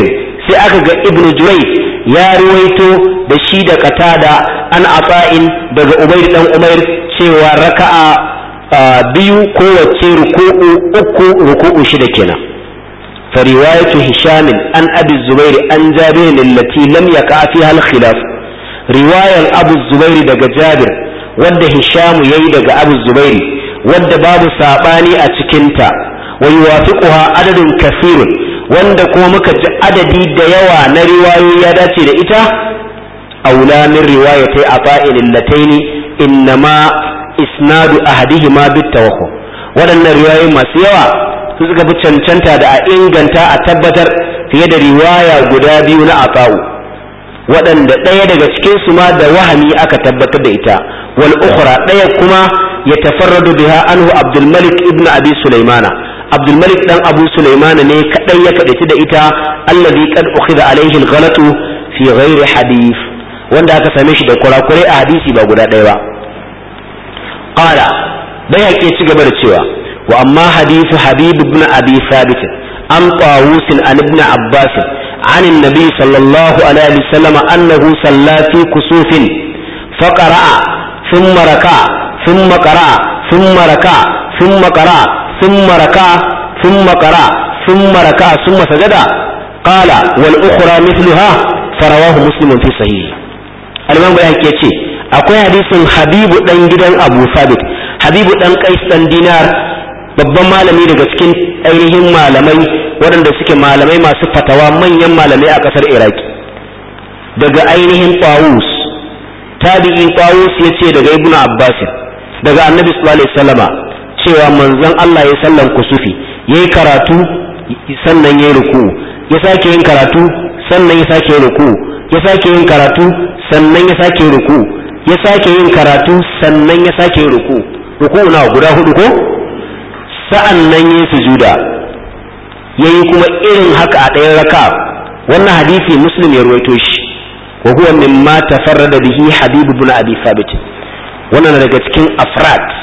sai aka ga ibn Jurayj ya ruwaito da shi da katada an afa'in daga umair dan umair cewa raka'a biyu kowace ruku'u uku ruku'u shida kenan fariwayatu hisham an abi zubair an jabir allati lam yaqa fiha al-khilaf riwayar abu zubair daga jabir wanda hisham yayi daga abu zubair wanda babu saɓani a cikinta wa yuwafiquha adadun kasirun wanda kuma muka ji adadi da yawa na riwayoyi ya dace da ita aula min riwayatai ata'il lataini ma isnadu ahadihima bitawakku waɗannan riwayoyi masu yawa su suka fi cancanta da a inganta a tabbatar fiye da riwaya guda biyu na ata'u waɗanda ɗaya daga cikin su ma da wahami aka tabbatar da ita wal ukhra ɗaya kuma ya tafarradu biha anhu abdul malik ibn abi sulaimana abdulmalik dan abu sulaiman ne kaɗai ya kaɗaici da ita allazi kad ukhidha alaihi al-ghalatu fi ghairi hadith wanda aka same shi da kurakurai a hadisi ba guda ɗaya ba qala bai haƙe ci gaba da cewa wa amma hadisi habib ibn abi thabit an tawus an ibn abbas عن النبي صلى الله عليه وسلم أنه صلى في كسوف فقرأ ثم ركع ثم قرأ ثم ركع ثم قرأ ثم ركع ثم قرأ ثم ركع ثم سجد قال والاخرى مثلها فرواه مسلم في صحيح الامام بيان يتي أكو حديث حبيب دان جدان أبو ثابت حبيب دان قيس دان دينار babban malami daga cikin ainihin malamai waɗanda suke malamai masu fatawa manyan malamai a ƙasar iraki daga ainihin tawus tabi'in tawus ya ce daga ibnu abbasin daga annabi sallallahu alaihi wasallama cewa manzon Allah ya sallan kusufi yayi karatu sannan yayi ruku ya sake yin karatu sannan ya sake yin ruku ya sake yin karatu sannan ya sake yin ruku ya sake yin karatu sannan ya sake yin ruku ruku na guda hudu ko sa'an nan yayi sujuda yayi kuma irin haka a ɗayan raka wannan hadisi muslim ya ruwaito shi wa huwa mimma tafarrada bihi Habibu ibn abi thabit wannan daga cikin afrat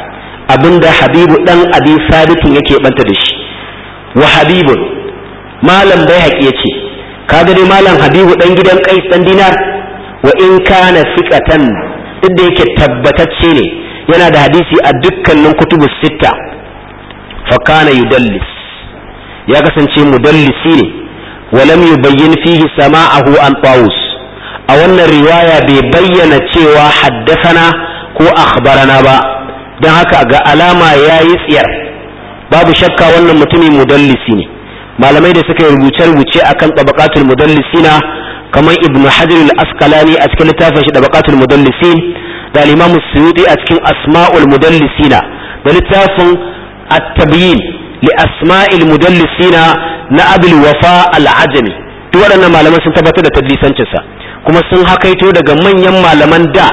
abinda habibu dan abi sabitin yake banta da shi wa Habibu malam bai haƙi ya ce kaga dai malam habibu dan gidan kai dan dinar wa in kana fiqatan inda yake tabbatacce ne yana da hadisi a dukkanin kutubu sitta fa kana yudallis ya kasance mudallisi ne walam yubayyin fihi sama'ahu an tawus a wannan riwaya bai bayyana cewa haddasana ko akhbarana ba don haka ga alama ya yi tsiyar babu shakka wannan mutumin mudallisi ne malamai da suka yi rubuce-rubuce akan tabaqatul mudallisina kamar ibn hajar al-asqalani a cikin littafin shi tabaqatul mudallisin da al suyuti a cikin asma'ul na da littafin at li asma'il mudallisina na abul wafa al-ajami duk waɗannan malaman sun tabbatar da tadlisancin kuma sun hakaito daga manyan malaman da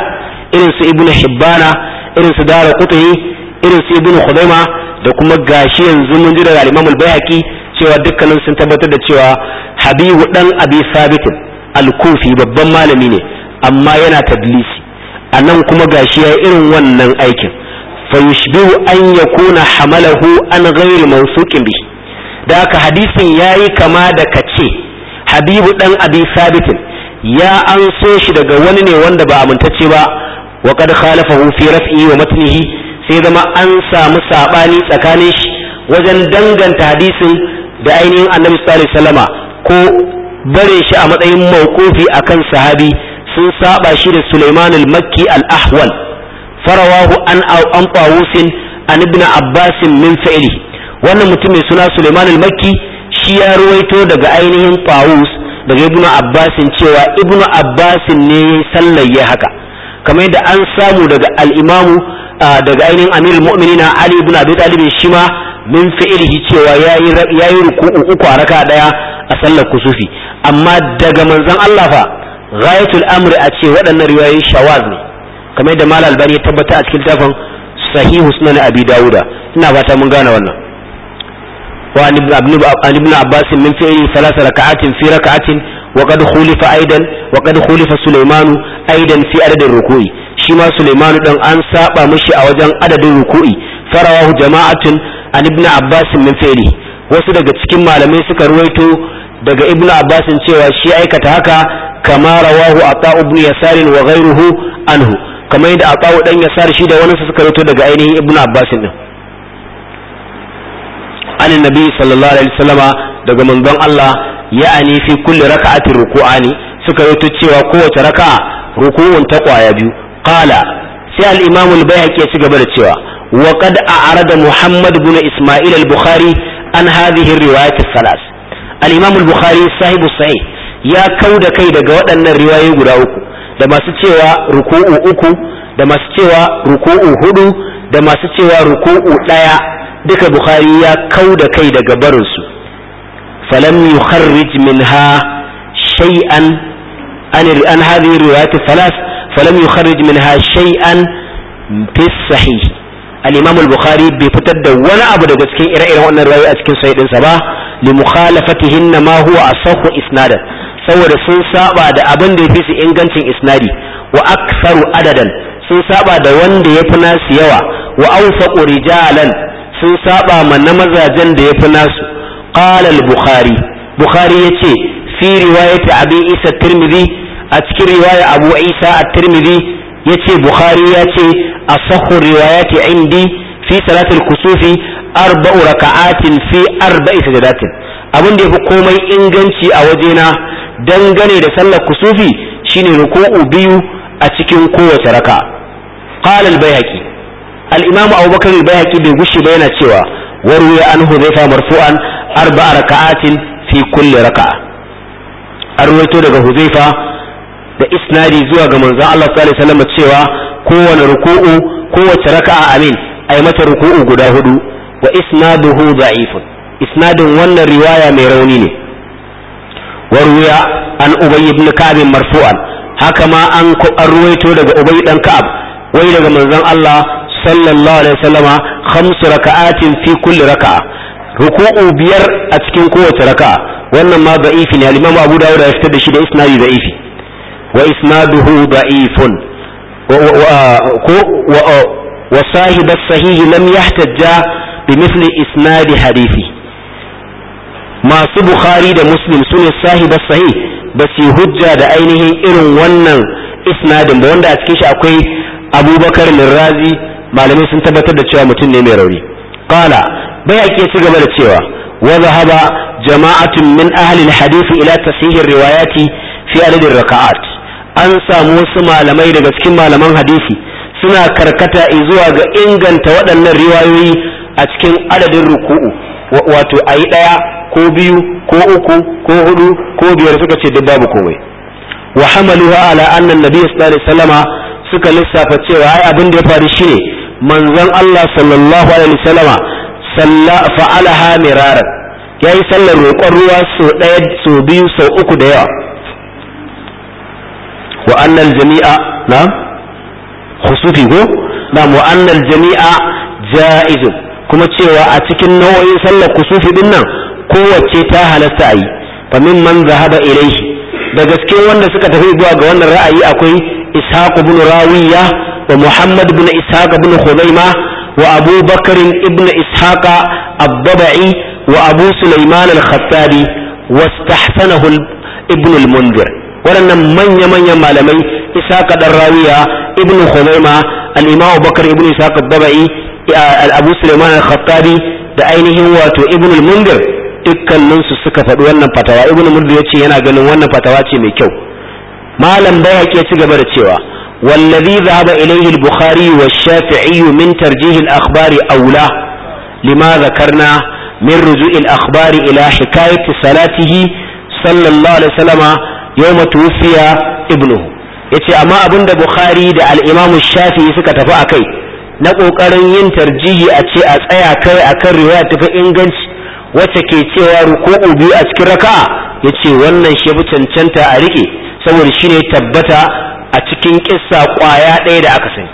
irin su ibn hibbana irin su dara kutuhi irin su ibn khudaima da kuma gashi yanzu mun ji daga al-imam al-bayhaqi cewa dukkanin sun tabbatar da cewa habibu dan abi sabit al-kufi babban malami ne amma yana tadlisi anan kuma gashi ya irin wannan aikin fa yushbihu an yakuna hamalahu an ghairi mawsuqin bi da haka hadisin yayi kama da kace habibu dan abi sabit ya anso shi daga wani ne wanda ba amintacce ba wa qad khalafahu fi raf'i wa matnihi sai zama an samu saɓani tsakanin shi wajen danganta hadisin da ainihin annabi sallallahu alaihi wasallama ko bare shi a matsayin a kan sahabi sun saɓa shi da Sulaiman al-Makki al-Ahwal farawahu an an qawusin an ibn Abbas min fa'ili wannan mutumin suna Sulaiman al shi ya ruwaito daga ainihin Qawus daga ibnu Abbas cewa ibnu Abbas ne sallar ya haka kamar yadda an samu daga al'imamu daga ainihin amirul na ali ibn abi talib shi ma min fi'lihi cewa ya yi ruku'u uku a raka daya a sallar kusufi amma daga manzon Allah fa ghayatul amri a ce waɗannan riwayoyin shawaz ne kamar yadda malal albani ya tabbata a cikin tafin sahihu sunan abi dauda ina fata mun gane wannan wa ibn abbas min fi'li thalath raka'atin fi raka'atin وقد خلف ايضا وقد خلف سليمان ايضا في عدد الركوع شما سليمان دان ان سابا مشي أوجان عدد الركوع فرواه جماعه عن ابن عباس من فيري wasu daga cikin malamai suka ruwaito daga ibnu abbasin cewa shi aikata haka kama rawahu ata ibnu yasar wa ghayruhu anhu kamar yadda ata dan yasar shi da wani suka ruwaito daga ainihin ibnu abbasin din an annabi sallallahu alaihi wasallama daga manzon Allah ya'ani fi kulli raka'atin ruku'ani suka rawaito cewa kowace raka'a ruku'un ta kwaya biyu qala sai al-imam al ya ci gaba da cewa wa qad a'rada muhammad ibn isma'il al-bukhari an hadhihi riwayat as-salas al-imam al-bukhari sahibu sahih ya kauda kai daga waɗannan riwayoyi guda uku da masu cewa ruku'u uku da masu cewa ruku'u hudu da masu cewa ruku'u ɗaya duka bukhari ya kau da kai daga barinsu فلم يخرج منها شيئا عن عن هذه الروايات الثلاث فلم يخرج منها شيئا في الصحيح الامام البخاري بفتد ولا ابو دغس كان ارى ارى wannan riwaya a cikin sahih din sa ba لمخالفتهن ما هو اصح اسنادا saboda sun saba da abin da yafi su ingancin isnadi wa aksaru adadan sun saba da wanda yafi nasu yawa wa awsa rijalan sun saɓa ma na mazajen da yafi nasu qala al-bukhari bukhari yace fi riwayati abi isa tirmidhi a cikin riwaya abu isa at-tirmidhi yace bukhari yace asahhu riwayati indi fi salatul kusufi arba'u raka'atin fi arba'i sajadatin abin da ya fi komai inganci a wajena dangane da sallar kusufi shine ruku'u biyu a cikin kowace raka qala al-baihaqi al-imam abubakar al bai gushi ba yana cewa وروي عن حذيفة مرفوعا arba'a raka'atin fi kulli raka'a arwaito daga huzaifa da isnadi zuwa ga manzon Allah sallallahu cewa kowane ruku'u kowace raka'a a amin ai mata ruku'u guda hudu wa isnaduhu da'ifun isnadin wannan riwaya mai rauni ne warwiya an ubayy ibn ka'ab marfu'an haka ma an ruwaito daga ubayy ka'ab wai daga manzon Allah sallallahu alaihi wasallama khamsu fi kulli raka'a ruku'u biyar a cikin kowace raka'a wannan ma da'ifi ne al abu da ya fitar da shi da isnadi da'ifi wa isnaduhu da'ifun wa sahib as lam yahtajja bimithli isnadi hadisi. masu bukhari da muslim sune sahib sahi sahih ba su hujja da ainihin irin wannan isnadin ba wanda a cikin shi akwai abubakar lirazi malamai sun tabbatar da cewa mutum ne mai rauni qala bai ya ci gaba da cewa wa zahaba jama'atun min ahalin hadisi ila tasihin riwayati fi adadin raka'at an samu wasu malamai daga cikin malaman hadisi suna karkata zuwa ga inganta waɗannan riwayoyi a cikin adadin ruku'u wato a yi ɗaya ko biyu ko uku ko hudu ko biyar suka ce duk babu komai wa hamaluha ala annan nabi sallallahu alaihi wasallama suka lissafa cewa ai abin da ya faru shine manzon Allah sallallahu alaihi wasallama fa'alaha miraran ya yi sallar roƙon ruwa sau ɗaya sau biyu sau uku da yawa wa'annan jami'a na khusufi ko na wa'annan jami'a ja'izun kuma cewa a cikin nau'o'in sallar kusufi din nan kowace ta halasta a yi fa mimman zahaba ilaihi da gaske wanda suka tafi zuwa ga wannan ra'ayi akwai ishaq ibn rawiya wa muhammad ibn ishaq ibn khuzaimah وأبو بكر ابن إسحاق الضبعي وأبو سليمان الخطابي واستحسنه ابن المنذر ولن من يمن يمالمي إسحاق الراوية ابن خزيمة الإمام بكر ابن إسحاق الضبعي أبو سليمان الخطابي da ainihin wato ibnul mundir dukkaninsu suka faɗi wannan fatawa ibnul mundir ya ce yana ganin wannan fatawa ce mai kyau malam baya ke ci gaba da cewa والذي ذهب إليه البخاري والشافعي من ترجيح الأخبار أولى لما ذكرنا من رجوع الأخبار إلى حكاية صلاته صلى الله عليه وسلم يوم توفي ابنه yace amma abin da Bukhari da al shafi Shafi'i suka tafi akai na ƙoƙarin yin tarjihi a ce a tsaya kai akan riwaya tafi inganci wacce ke cewa ruku'u biyu a cikin raka'a yace wannan shi ya cancanta a rike saboda shine tabbata a cikin kissa kwaya ɗaya da aka sani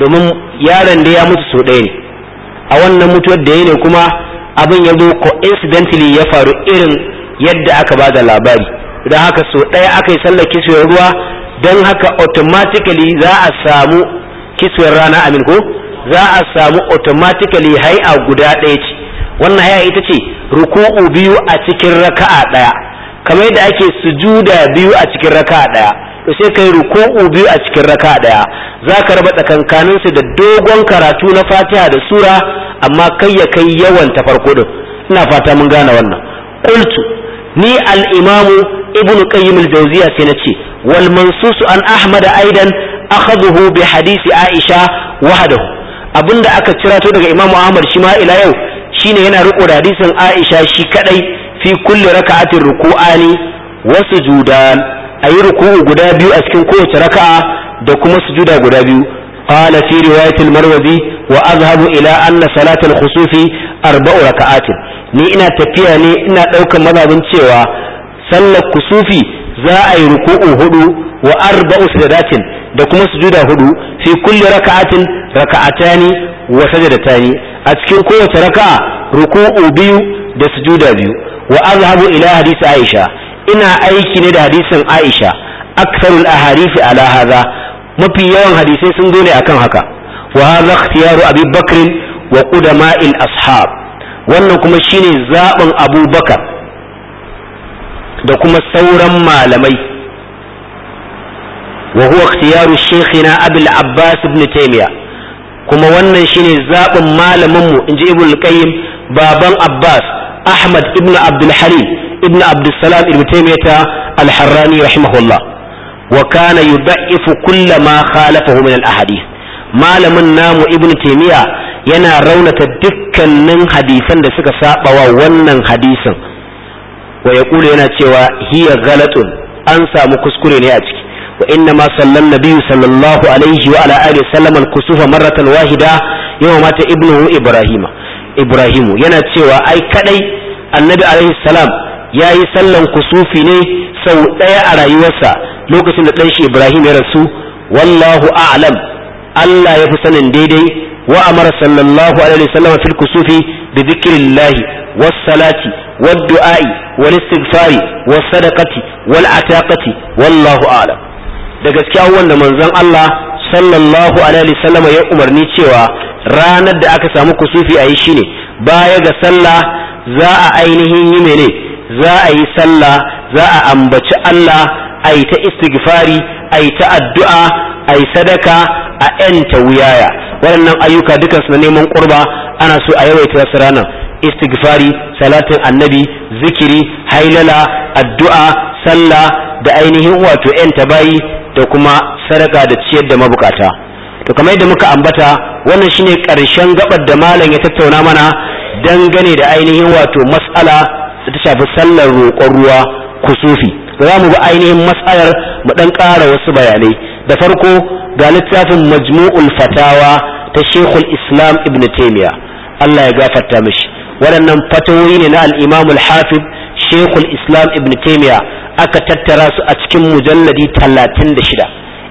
domin yaron da ya mutu sau ɗaya ne a wannan mutuwar da ya ne kuma abin ya zo coincidentally ya faru irin yadda aka ba da labari don haka sau ɗaya aka yi sallar kiswar ruwa don haka automatically za a samu kiswar rana amin ko za a samu automatically hai'a guda ɗaya ce wannan haya ita ce ruku'u biyu a cikin raka'a ɗaya kamar yadda ake sujuda biyu a cikin raka daya to sai kai ruku'u biyu a cikin raka daya zaka raba tsakankanin su da dogon karatu na Fatiha da sura amma kai ya kai yawan ta farko din ina fata mun gane wannan qultu ni al-imam ibn qayyim al-jawziya sai nace wal mansus an ahmad aidan akhadhu bi hadisi aisha wahdahu abinda aka cirato daga imam ahmad shi ma ila yau shine yana riko da hadisin aisha shi kadai fi kulli raka'atin ruku'ani wa sujudan ayi ruku'u guda biyu a cikin kowace raka'a da kuma sujuda guda biyu qala fi riwayatil marwazi wa azhabu ila anna salatul khusufi arba'u raka'atin ni ina tafiya ne ina daukan mazhabin cewa sallar kusufi za a yi ruku'u hudu wa arba'u sujadatin da kuma sujuda hudu fi kulli raka'atin raka'atani wa sajadatani a cikin kowace raka'a ruku'u biyu da sujuda biyu wa azhabu ila hadisi aisha ina aiki ne da hadisin aisha aksarul ahadisi ala hadha mafi yawan hadisai sun zo ne akan haka wa hadha ikhtiyaru abi bakr wa qudama'il ashab wannan kuma shine zaben abubakar da kuma sauran malamai wa huwa ikhtiyaru shaykhina abbas ibn taymiya kuma wannan shine zaben malamin mu inji ibnu qayyim baban abbas ahmad ibnu abdulhalim ibn abdulsalam ibn taimiyata alharrani rahimahullah wa kana yudha'ifu kulla ma khalafahu min al-ahadith malamin namu ibnu taimiya yana raunata dukkanin hadisan da suka saba wa wannan hadisin wa yaqulu yana cewa hiya ghalatun an samu kuskure ne a ciki وإنما صلى النبي صلى الله عليه وعلى آله وسلم الكسوف مرة واحدة يوم مات ابنه إبراهيم ibrahimu yana cewa ai kadai annabi alaihi salam ya yi sallan kusufi ne sau ɗaya a rayuwarsa lokacin da ɗanshi ibrahim ya rasu wallahu a'lam allah ya fi sanin daidai wa amara sallallahu alaihi wasallam fil kusufi bi salati zikrillahi والصلاة والدعاء والاستغفار wal والعتاقة wallahu alam da gaskiya wanda manzon Allah sallallahu alaihi wasallam ya umarni cewa ranar da aka samu kusufi a yi shine baya ga sallah za a ainihin yi mene za a yi sallah za a ambaci Allah a yi ta istighfari a yi ta addu'a a yi sadaka a ‘yanta wuyaya waɗannan ayyuka dukansu na neman kurba ana so a yawaita wasu ranar istighfari salatin annabi zikiri hailala addu'a sallah da ainihin wato yan bayi da kuma sadaka da ciyar da mabukata to kamar yadda muka ambata wannan shine karshen gabar da malam ya tattauna mana dangane da ainihin wato mas'ala da ta shafi sallar roƙon ruwa kusufi za mu bi ainihin mas'alar mu dan ƙara wasu bayanai da farko ga littafin majmu'ul fatawa ta shekul islam ibn taimiya allah ya gafarta mishi waɗannan fatawoyi ne na al-imamul hafiz Sheikhul islam ibn taimiya aka tattara su a cikin mujalladi talatin da shida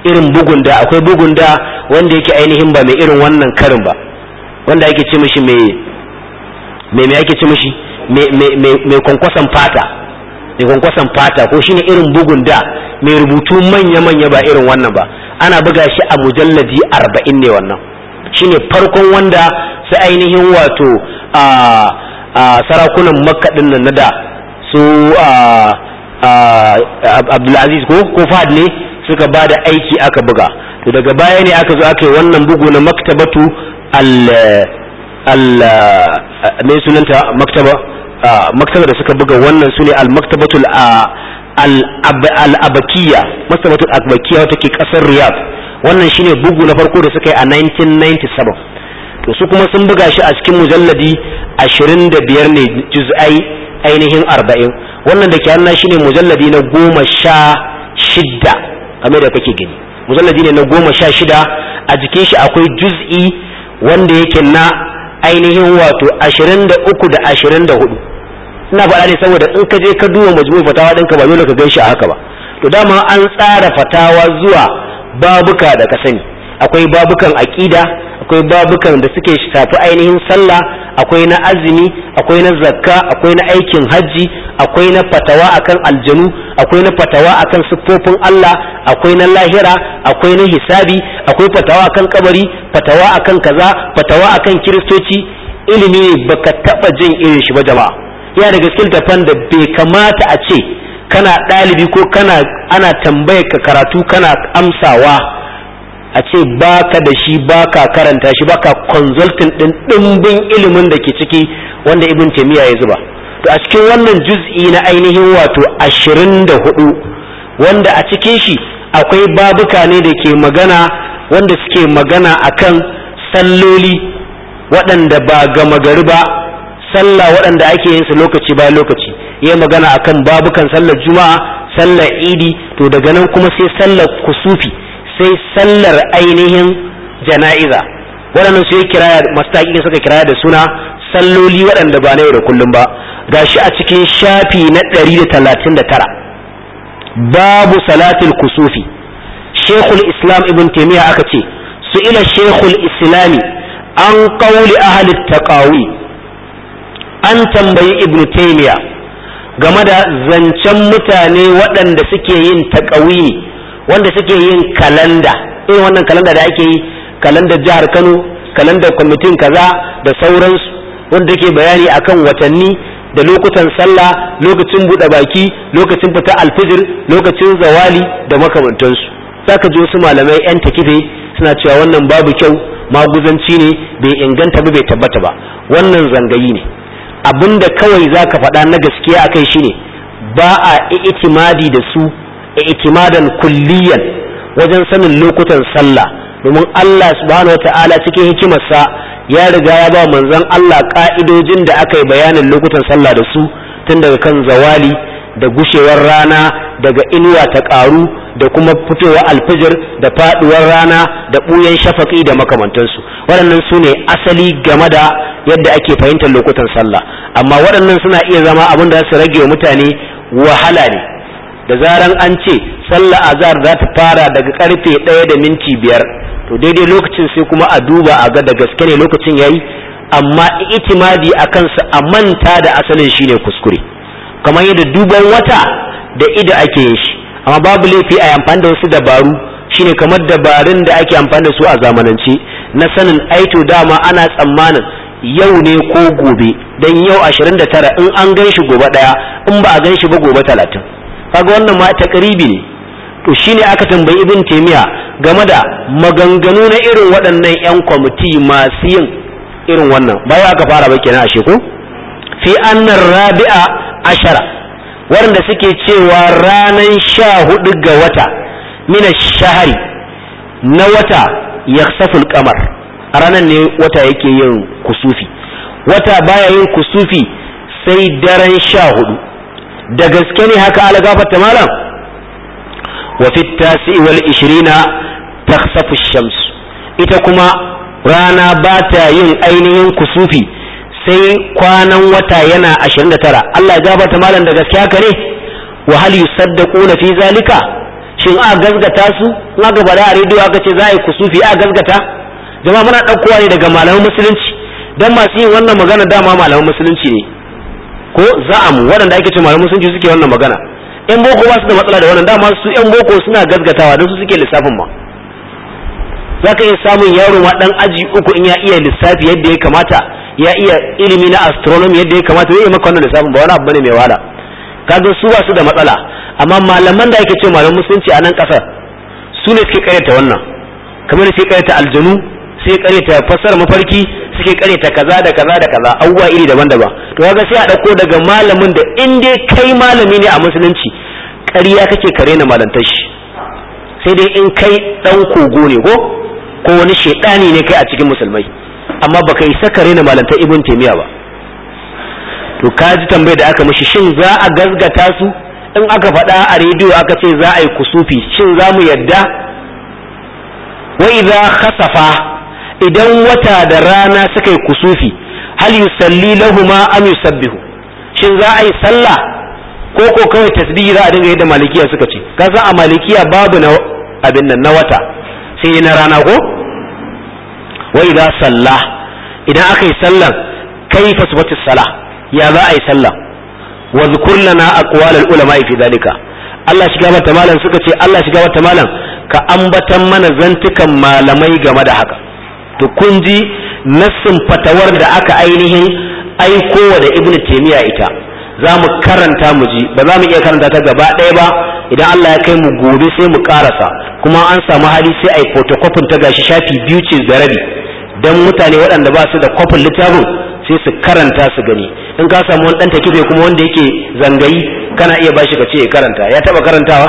irin bugun da akwai bugun da wanda yake ainihin ba mai irin wannan karin ba wanda ake ce mishi mai mai mai ake ce mishi mai kwankwason fata mai kwankwason fata ko shine irin bugun da mai rubutu manya-manya ba irin wannan ba ana buga shi a mujalladi arba'in ne wannan shine farkon wanda su ainihin wato a sarakunan makka din na da su abdulaziz ko ko fad ne suka ba da aiki aka buga to daga baya ne aka zo aka yi wannan bugu na maktabatu al mai sunanta maktaba maktaba da suka buga wannan su ne al-maktabatul al-abakiya maktabatul abakiya wata ke kasar riyadh wannan shine bugu na farko da suka yi a 1997 to su kuma sun buga shi a cikin mujalladi 25 ne juz'ai ainihin arba'in wannan da ke shi shine mujalladi na goma sha shida game da kake gani mujalladi ne na goma sha shida a jikin shi akwai juz'i wanda yake na ainihin wato ashirin da uku da ashirin da hudu ina faɗa ne saboda in ka je ka duba majmu'in fatawa ɗinka ba dole ka gan shi a haka ba to dama an tsara fatawa zuwa babuka da ka sani akwai babukan aƙida akwai babukan da suke shafi ainihin sallah akwai na azumi akwai na zakka akwai na aikin hajji akwai na fatawa akan aljanu akwai na fatawa akan siffofin Allah akwai na lahira akwai na hisabi akwai fatawa akan kabari fatawa akan kaza fatawa akan kiristoci ilimi ne baka taba jin irin shi ba jama'a ya daga cikin tafan da bai kamata a ce kana ɗalibi ko kana ana tambayar ka karatu kana amsawa a ce ba ka da shi ba ka karanta shi ba ka konsultin ɗin ɗimbin ilimin da ke ciki wanda ibn taimiyya ya zuba to a cikin wannan juz'i na ainihin wato ashirin da hudu wanda a cikin shi akwai babuka ne da ke magana wanda suke magana akan salloli waɗanda ba gama gari ba sallah waɗanda ake yin su lokaci bayan lokaci ya magana akan babukan sallar juma'a sallar idi to daga nan kuma sai sallar kusufi sai sallar ainihin jana'iza waɗannan su yi kiraya masu suka kiraya da suna salloli waɗanda ba na yau da kullum ba ga shi a cikin shafi na ɗari da talatin da tara babu salatul kusufi shekul islam ibn taimiyya aka ce su ila shekul islami an ƙauli ahalit taƙawi an tambayi ibn taimiyya game da zancen mutane waɗanda suke yin taƙawi wanda suke yin kalanda eh wannan kalanda da ake yi kalanda jihar Kano kalandar kwamitin kaza da sauransu wanda ke bayani akan watanni da lokutan sallah lokacin buɗe baki lokacin fita alfijir lokacin zawali da makamantansu zaka ji wasu malamai yan takife suna cewa wannan babu kyau maguzanci ne bai inganta ba bai tabbata ba wannan zangayi ne abinda kawai zaka faɗa na gaskiya akai shine ba a itimadi da su itimadan kulliyan wajen sanin lokutan sallah domin Allah subhanahu wata'ala cikin hikimarsa ya riga ya ba manzon Allah ka'idojin da aka yi bayanin lokutan sallah da su tun daga kan zawali da gushewar rana daga inuwa ta ƙaru da kuma fitowa alfijir da faduwar rana da buyan shafaki da makamantansu waɗannan su ne asali game da yadda ake fahimtar lokutan sallah amma waɗannan suna iya zama abin da su rage wa mutane wahala ne da zaran an ce sallah azhar za ta fara daga karfe ɗaya da minti biyar to daidai lokacin sai kuma a duba a ga da gaske ne lokacin yayi amma itimadi a kansa a manta da asalin shi ne kuskure kamar yadda duban wata da ido ake yin shi amma babu laifi a amfani da wasu dabaru shine kamar dabarun da ake amfani da su a zamanance na sanin aito dama ana tsammanin yau ne ko gobe don yau 29 in an gan shi gobe ɗaya in ba a gan shi ba gobe talatin kaga wannan ma takribi ne to shine aka tambayi ibn taymiya game da maganganu na irin waɗannan yan kwamiti masu yin irin wannan bayan aka fara ba kenan a sheku. fi annar rabi'a ashara waɗanda suke cewa ranar sha hudu ga wata mina shahari na wata saful kamar a ranar ne wata yake yin kusufi wata baya yin kusufi sai daren sha hudu da gaske ne haka algafarta malam wa fi tasi wal ta safi shams ita kuma rana ba ta yin ainihin kusufi sai kwanan wata yana 29 Allah ya gafarta malam da gaske haka ne wa hal yusaddaquna fi zalika shin a gazgata su na aka da a rediyo aka ce za a yi kusufi a gazgata jama'a muna ɗaukowa ne daga malaman musulunci don masu yin wannan magana dama malaman musulunci ne ko za'am waɗanda ake cewa malaman musulunci suke wannan magana yan boko ba su da matsala da wannan dama su yan boko suna gazgatawa don su suke lissafin ma za ka iya samun yaro ma ɗan aji uku in ya iya lissafi yadda ya kamata ya iya ilimi na astronomy yadda ya kamata zai iya maka wannan lissafin ba wani abu bane mai wahala kaga su ba su da matsala amma malaman da ake cewa malaman musulunci a nan ƙasar su ne suke karyata wannan kamar suke karyata aljanu sai kareta fasar mafarki suke kareta kaza da kaza da kaza abubuwa iri daban-daban to kaga sai a ɗauko daga malamin da in dai kai malami ne a musulunci ƙarya kake kare na malantar shi sai dai in kai ɗan kogo ne ko ko wani shedani ne kai a cikin musulmai amma baka isa kare na malantar ibn taymiya ba to ka ji tambayar da aka mishi shin za a gazgata su in aka faɗa a rediyo aka ce za a yi kusufi shin za mu yadda wa idza khasafa idan wata da rana suka yi kusufi hal yusalli lahuma am yusabbihu shin za a yi sallah ko ko kawai tasbihi za a dinga yadda malikiya suka ce ka san a malikiya babu na abin nan na wata sai na rana ko wa idan salla idan aka yi sallan kaifa sifatu sallah, ya za a yi sallah wa zkur lana aqwal al ulama fi dalika Allah shiga mata malam suka ce Allah shiga mata malam ka ambatan mana zantukan malamai game da haka to kun ji nassin fatawar da aka ainihin aikowa da ibnu taymiya ita za mu karanta mu ji ba za mu iya karanta ta gaba ɗaya ba idan Allah ya kai mu gobe sai mu karasa kuma an samu hali sai a yi photocopy ta gashi shafi biyu ce da rabi dan mutane waɗanda ba su da kwafin littafin sai su karanta su gani in ka samu wani ɗan takife kuma wanda yake zangayi kana iya bashi ka ce ya karanta ya taɓa karantawa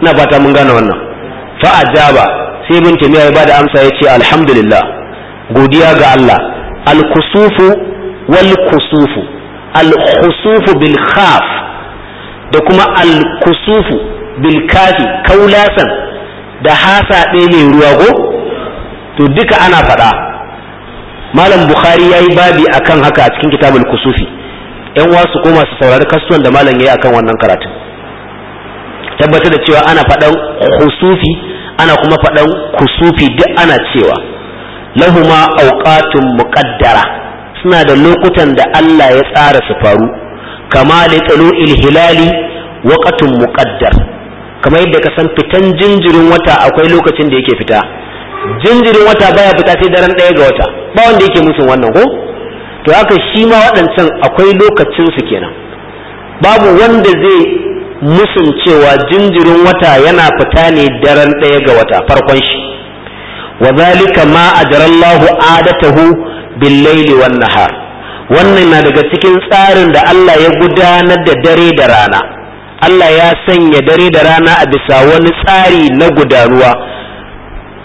ina fata mun gane wannan fa'ajaba sai ibn taymiya ya da amsa yace alhamdulillah godiya ga Allah alkusufu wal kusufu al bil khaf da kuma al-kusufu bil kafi kaulasan da hasa ɗaya ne ruwa go to duka ana faɗa malam bukhari yayi babi akan haka a cikin kitabul kusufi yan wa su koma su saurari kasuwan da malam ya yayi akan wannan karatun tabbatar da cewa ana faɗan khusufi ana kuma faɗan kusufi duk ana cewa lahuma auqatun muqaddara suna da lokutan da Allah ya tsara su faru kama da ilhilali hilali waqatun muqaddar kamar yadda ka san fitan jinjirin wata akwai lokacin da yake fita jinjirin wata baya fita sai daren ɗaya ga wata ba wanda yake musun wannan ko to haka shi ma waɗancan akwai lokacin su kenan babu wanda zai musun cewa jinjirin wata yana fita ne daren ɗaya ga wata farkon shi wa zalika ma ajarallahu adatahu bil wan nahar wannan na daga cikin tsarin da Allah ya gudanar da dare da rana Allah ya sanya dare da rana a bisa wani tsari na gudanuwa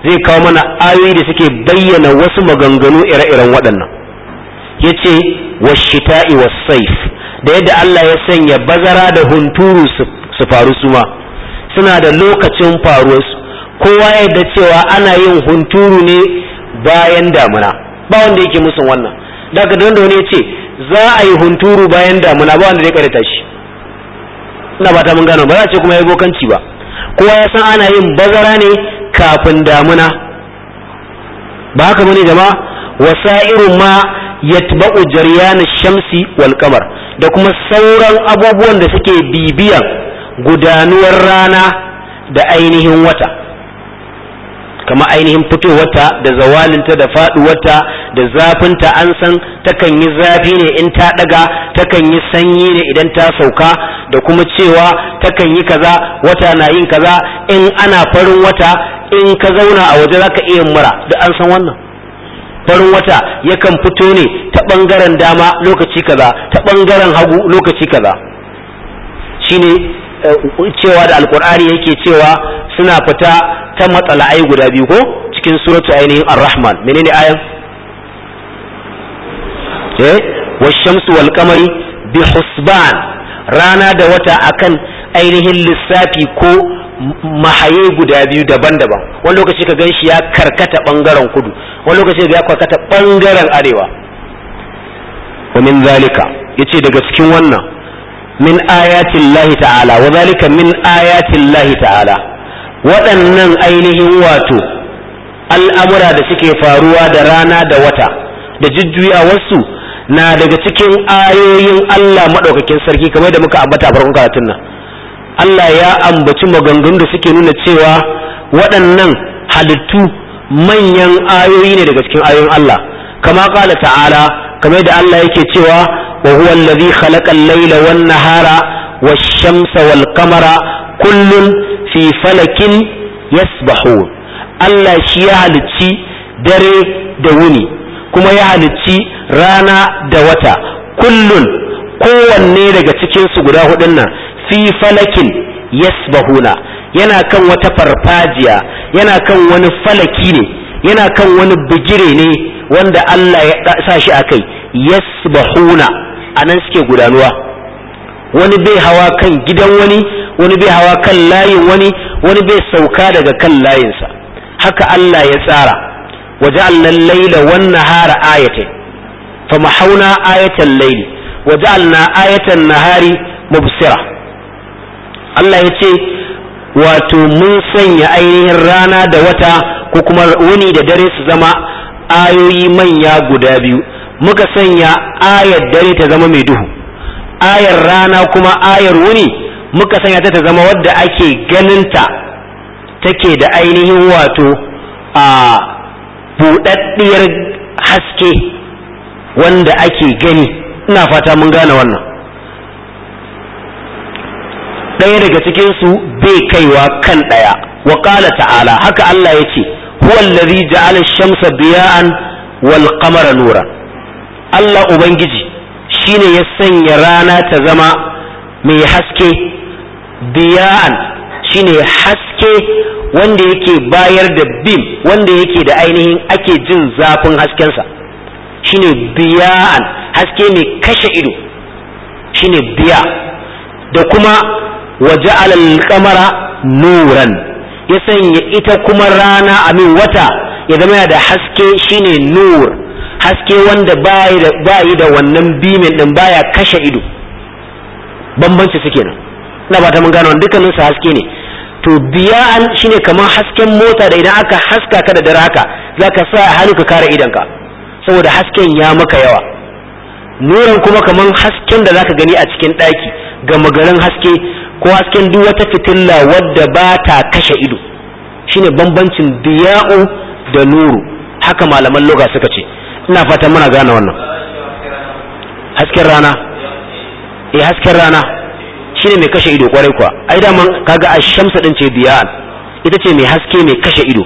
zai kawo mana ayoyi da suke bayyana wasu maganganu ire-iren waɗannan yace washita'i was-sayf da yadda Allah ya sanya bazara da hunturu su faru suma suna da lokacin faruwarsu kowa yadda cewa ana yin hunturu ne bayan damuna ba wanda yake musun wannan daga don da wani ya ce za a yi hunturu bayan damuna ba wanda zai karanta shi na ba ta mun gano ba za a ce kuma ya bokanci ba kowa ya san ana yin bazara ne kafin damuna ba haka bane jama'a wasa'iru ma yatba'u jaryana shamsi wal qamar da kuma sauran abubuwan da suke bibiyan gudanuwar rana da ainihin wata kama ainihin fitowarta da zawalinta da faduwarta da zafinta an san takan yi zafi ne in ta daga takan yi sanyi ne idan ta sauka da kuma cewa takan yi kaza wata na yin kaza in ana farin wata in ka zauna a waje zaka iya mura da an san wannan farin wata yakan fito ne ta ɓangaren dama lokaci kaza ta ɓangaren hagu lokaci kaza shine eh, cewa da alkur'ani yake cewa suna fita ta matsala'ai guda biyu ko cikin suratu ainihin ar-rahman menene ayan eh wash-shamsu wal qamari bi husban rana da wata akan ainihin lissafi ko mahaye guda biyu daban-daban wani lokaci ka gan shi ya karkata bangaren kudu wani lokaci ya karkata bangaren arewa wa min zalika yace daga cikin wannan min ayatin lahi ta'ala wa zalika min ayatin lahi ta'ala waɗannan ainihin wato al'amura da suke faruwa da rana da wata da jujjuya wasu na daga cikin ayoyin Allah madaukakin sarki kamar da muka ambata farkon karatun nan Allah ya ambaci maganganu da suke nuna cewa waɗannan halittu manyan ayoyi ne daga cikin ayoyin Allah kama kala ta'ala kamar da Allah yake cewa wa huwa allazi khalaqa al-laila wan nahara wash-shamsa wal qamara kullun fi falakin yasbahun Allah shi ya halicci dare da wuni kuma ya halicci rana da wata kullun kowanne daga cikin su guda hudun nan fi falakin yasbahuna yana kan wata farfajiya yana kan wani falaki ne yana kan wani bigire ne wanda Allah ya sa shi a kai yasbahuna a nan suke gudanuwa wani bai hawa kan gidan wani wani bai hawa kan layin wani wani bai sauka daga kan layinsa haka Allah ya tsara وجعلنا الليل والنهار آيتين فمحونا آية الليل waja'alna ayatan nahari مبصرة Allah ya ce wato mun sanya ainihin rana da wata ko kuma wuni da dare su zama ayoyi manya guda biyu muka sanya ayar dare ta zama mai duhu ayar rana kuma ayar wuni muka sanya ta ta zama wadda ake ganinta take da ainihin wato a buɗaɗɗiyar haske wanda ake gani ina fata mun gane wannan ɗaya daga cikin su bai kaiwa kan ɗaya wa ƙala ta'ala haka Allah ya ce allazi ja'ala shamsa biya'an wal qamara nura Allah ubangiji shine ya sanya rana ta zama mai haske biya'an shine haske wanda yake bayar da bim wanda yake da ainihin ake jin zafin haskensa shine biya'an haske mai kashe ido shine biya da kuma Waje ja'ala al nuran ya sanya ita kuma rana a min wata ya zama da haske shine nur haske wanda bayi da wannan bimin din baya kashe ido bambanci suke nan ina ba ta mun gano dukkanin su haske ne to biya'an shine kamar hasken mota da idan aka haska ka da dare haka zaka sa hannu ka kare ka, saboda hasken ya maka yawa nuran kuma kamar hasken da zaka gani a cikin daki, ga magaran haske ko hasken duk wata fitilla wadda ba ta kashe ido shine bambancin diya'u da nuru haka malaman loga suka ce ina fatan muna gane wannan hasken rana eh hasken rana shine mai kashe ido kwarai kuwa ai da man kaga ash-shamsu din ce diya'an ita ce mai haske mai kashe ido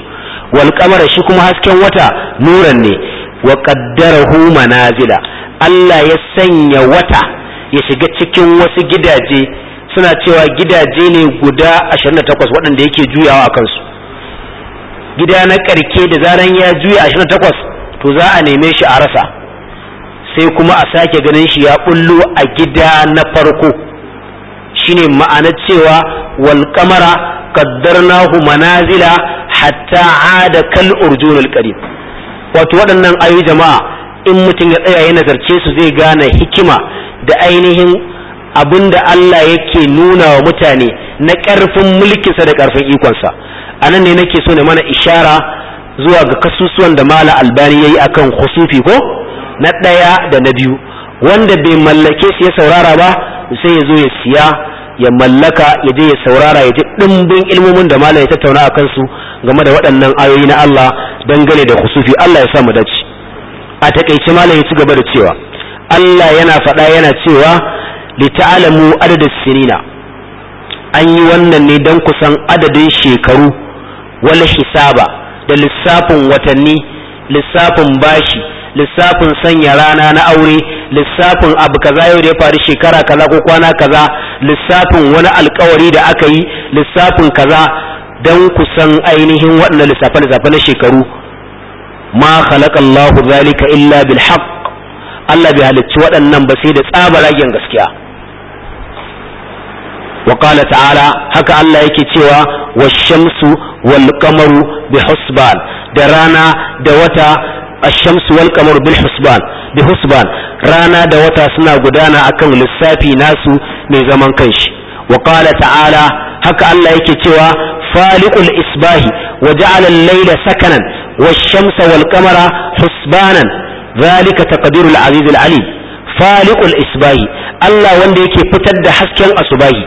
wal qamara shi kuma hasken wata nuran ne wa qaddarahu manazila Allah ya sanya wata ya shiga cikin wasu gidaje suna cewa gidaje ne guda 28 waɗanda yake juyawa a kansu gida na ƙarke da zaran ya juya 28 to za a neme shi a rasa sai kuma a sake ganin shi ya bullo a gida na farko shine ma'ana cewa wal kaddar qaddarnahu manazila hatta ada kal urjunil qarib wato waɗannan ayoyi jama'a in mutum ya tsaya ya nazarce su zai gane hikima da ainihin Abin da Allah yake nuna wa mutane na ƙarfin mulkinsa da ƙarfin ikonsa a nan ne nake so ne mana ishara zuwa ga kasusuwan da mala albani ya yi a kan husufi ko na ɗaya da na biyu wanda bai mallake su ya saurara ba sai ya zo ya siya ya mallaka ya je ya saurara ya ji ɗimbin ilmomin da mala ya tattauna a kansu game da waɗannan ayoyi na Allah dangane da kusufi. Allah ya sa mu dace a takaice mala ya ci gaba da cewa Allah yana faɗa yana cewa lita'alamu adadin sinina an yi wannan ne don kusan adadin shekaru wala hisaba da lissafin watanni lissafin bashi lissafin sanya rana na aure lissafin abu kaza yau ya faru shekara kaza ko kwana kaza lissafin wani alkawari da aka yi lissafin kaza don kusan ainihin waɗannan lissafe-lissafe na shekaru ma khalaqallahu zalika illa bilhak! Allah bai halicci waɗannan ba sai da tsabaragen gaskiya wa ta'ala haka Allah yake cewa wash-shamsu wal bi husban da rana da wata ash-shamsu wal-qamaru bihusban bihusban rana da wata suna gudana akan lissafi nasu mai zaman kanshi wa qala ta'ala haka Allah yake cewa faliƙul isbahi wa ja'ala layla sakanan wash-shamsa wal-qamara husbanan zalika taqdirul aziz al-alim faliqul isbahi Allah wanda yake fitar da hasken asubahi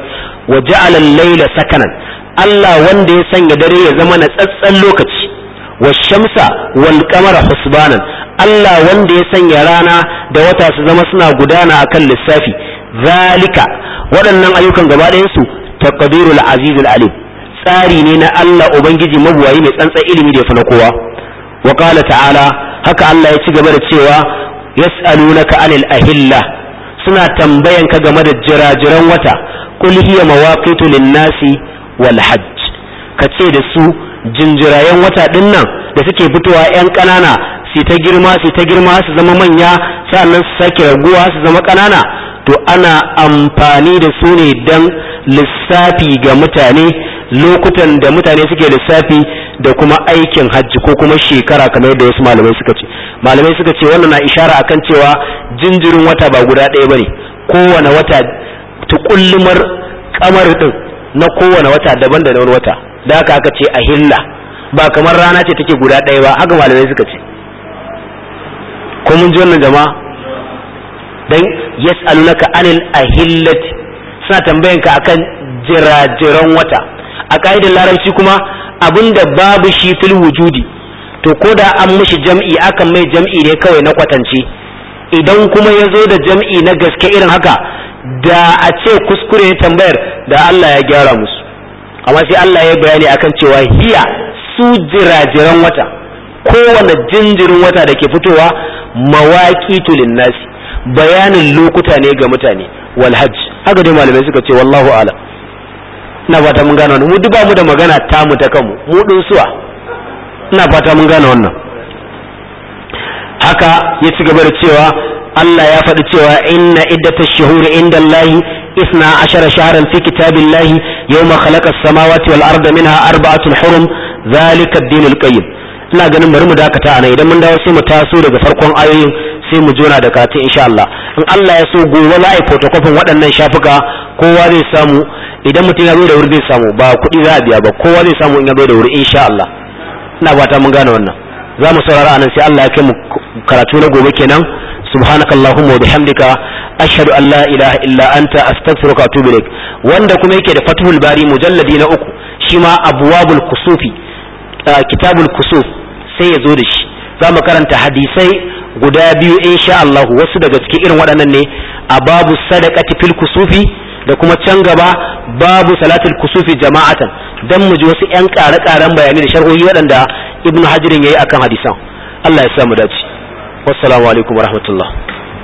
wa ja'ala al-layla sakanan Allah wanda ya sanya dare ya zama na tsatsan lokaci wa shamsa wal qamara husbanan Allah wanda ya sanya rana da wata su zama suna gudana akan lissafi zalika waɗannan ayyukan gaba ɗayan su taqdirul azizul alim tsari ne na Allah ubangiji mabuwayi mai tsantsan ilimi da ya kowa wa qala ta'ala haka Allah ya ci gaba da cewa yas'alunaka anil ahillah suna tambayan ka game da jirajiran wata qul hiya mawaqitu lin-nasi wal hajj kace da su jinjirayen wata din nan da suke fitowa yan kanana su ta girma su ta girma su zama manya sannan su sake raguwa su zama kanana to ana amfani da su ne dan lissafi ga mutane lokutan da mutane suke lissafi da kuma aikin hajji ko kuma shekara kamar da wasu malamai suka ce malamai suka ce wannan na ishara akan cewa jinjirin wata ba guda ɗaya bane kowane wata tukullumar kamar din na kowane wata daban da wani wata da haka aka ce a hilla ba kamar rana ce take guda ɗaya ba haka malamai suka ce ko mun ji wannan jama'a dan yas'alunaka anil ahillati suna ka akan jirajiran wata a ka'idar larabci kuma abinda babu shi fil wujudi to ko da an mishi jam'i akan mai jam'i ne kawai na kwatance idan kuma ya zo da jam'i na gaske irin haka da a ce kuskure tambayar da Allah ya gyara musu amma sai Allah ya bayani akan cewa hiya su jirajiran wata kowane jinjirin wata da ke fitowa tulin nasi bayanin lokuta ne ga mutane walhaj, haka dai malamai suka ce wallahu ala na ba ta mun gano mu duba mu da magana ta mu ta kanmu mu din suwa ina fata mun gane wannan haka ya ci gaba da cewa Allah ya faɗi cewa inna iddata shahuri inda Allah isna ashara shaharan fi kitabillahi yawma khalaqa as-samawati wal arda minha arba'atun hurum zalika ad-dinul qayyim ina ganin bari mu dakata anan idan mun dawo sai mu taso daga farkon ayoyin sai mu jona da kati insha Allah in Allah ya so gobe za a yi photocopy waɗannan shafuka kowa zai samu idan mutum ya zo da wuri zai samu ba kuɗi za a biya ba kowa zai samu in ya zo da wuri insha Allah ina fata mun gane wannan za mu saurara anan sai Allah ya kai mu karatu na gobe kenan subhanakallahumma wa bihamdika ashhadu an la ilaha illa anta astaghfiruka wa atubu ilaik wanda kuma yake da fathul bari mujalladi na uku shi ma abwabul kusufi kitabul kusuf sai ya zo da shi za mu karanta hadisai guda biyu insha Allah wasu daga cikin irin waɗannan ne a babu sadaqati fil kusufi da kuma can gaba babu salatul kusufi jama'atan dan mu ji wasu yan ƙare-ƙaren bayanai da sharhohi waɗanda ibnu hajirin yayi akan hadisan Allah ya sa mu dace wassalamu alaikum warahmatullahi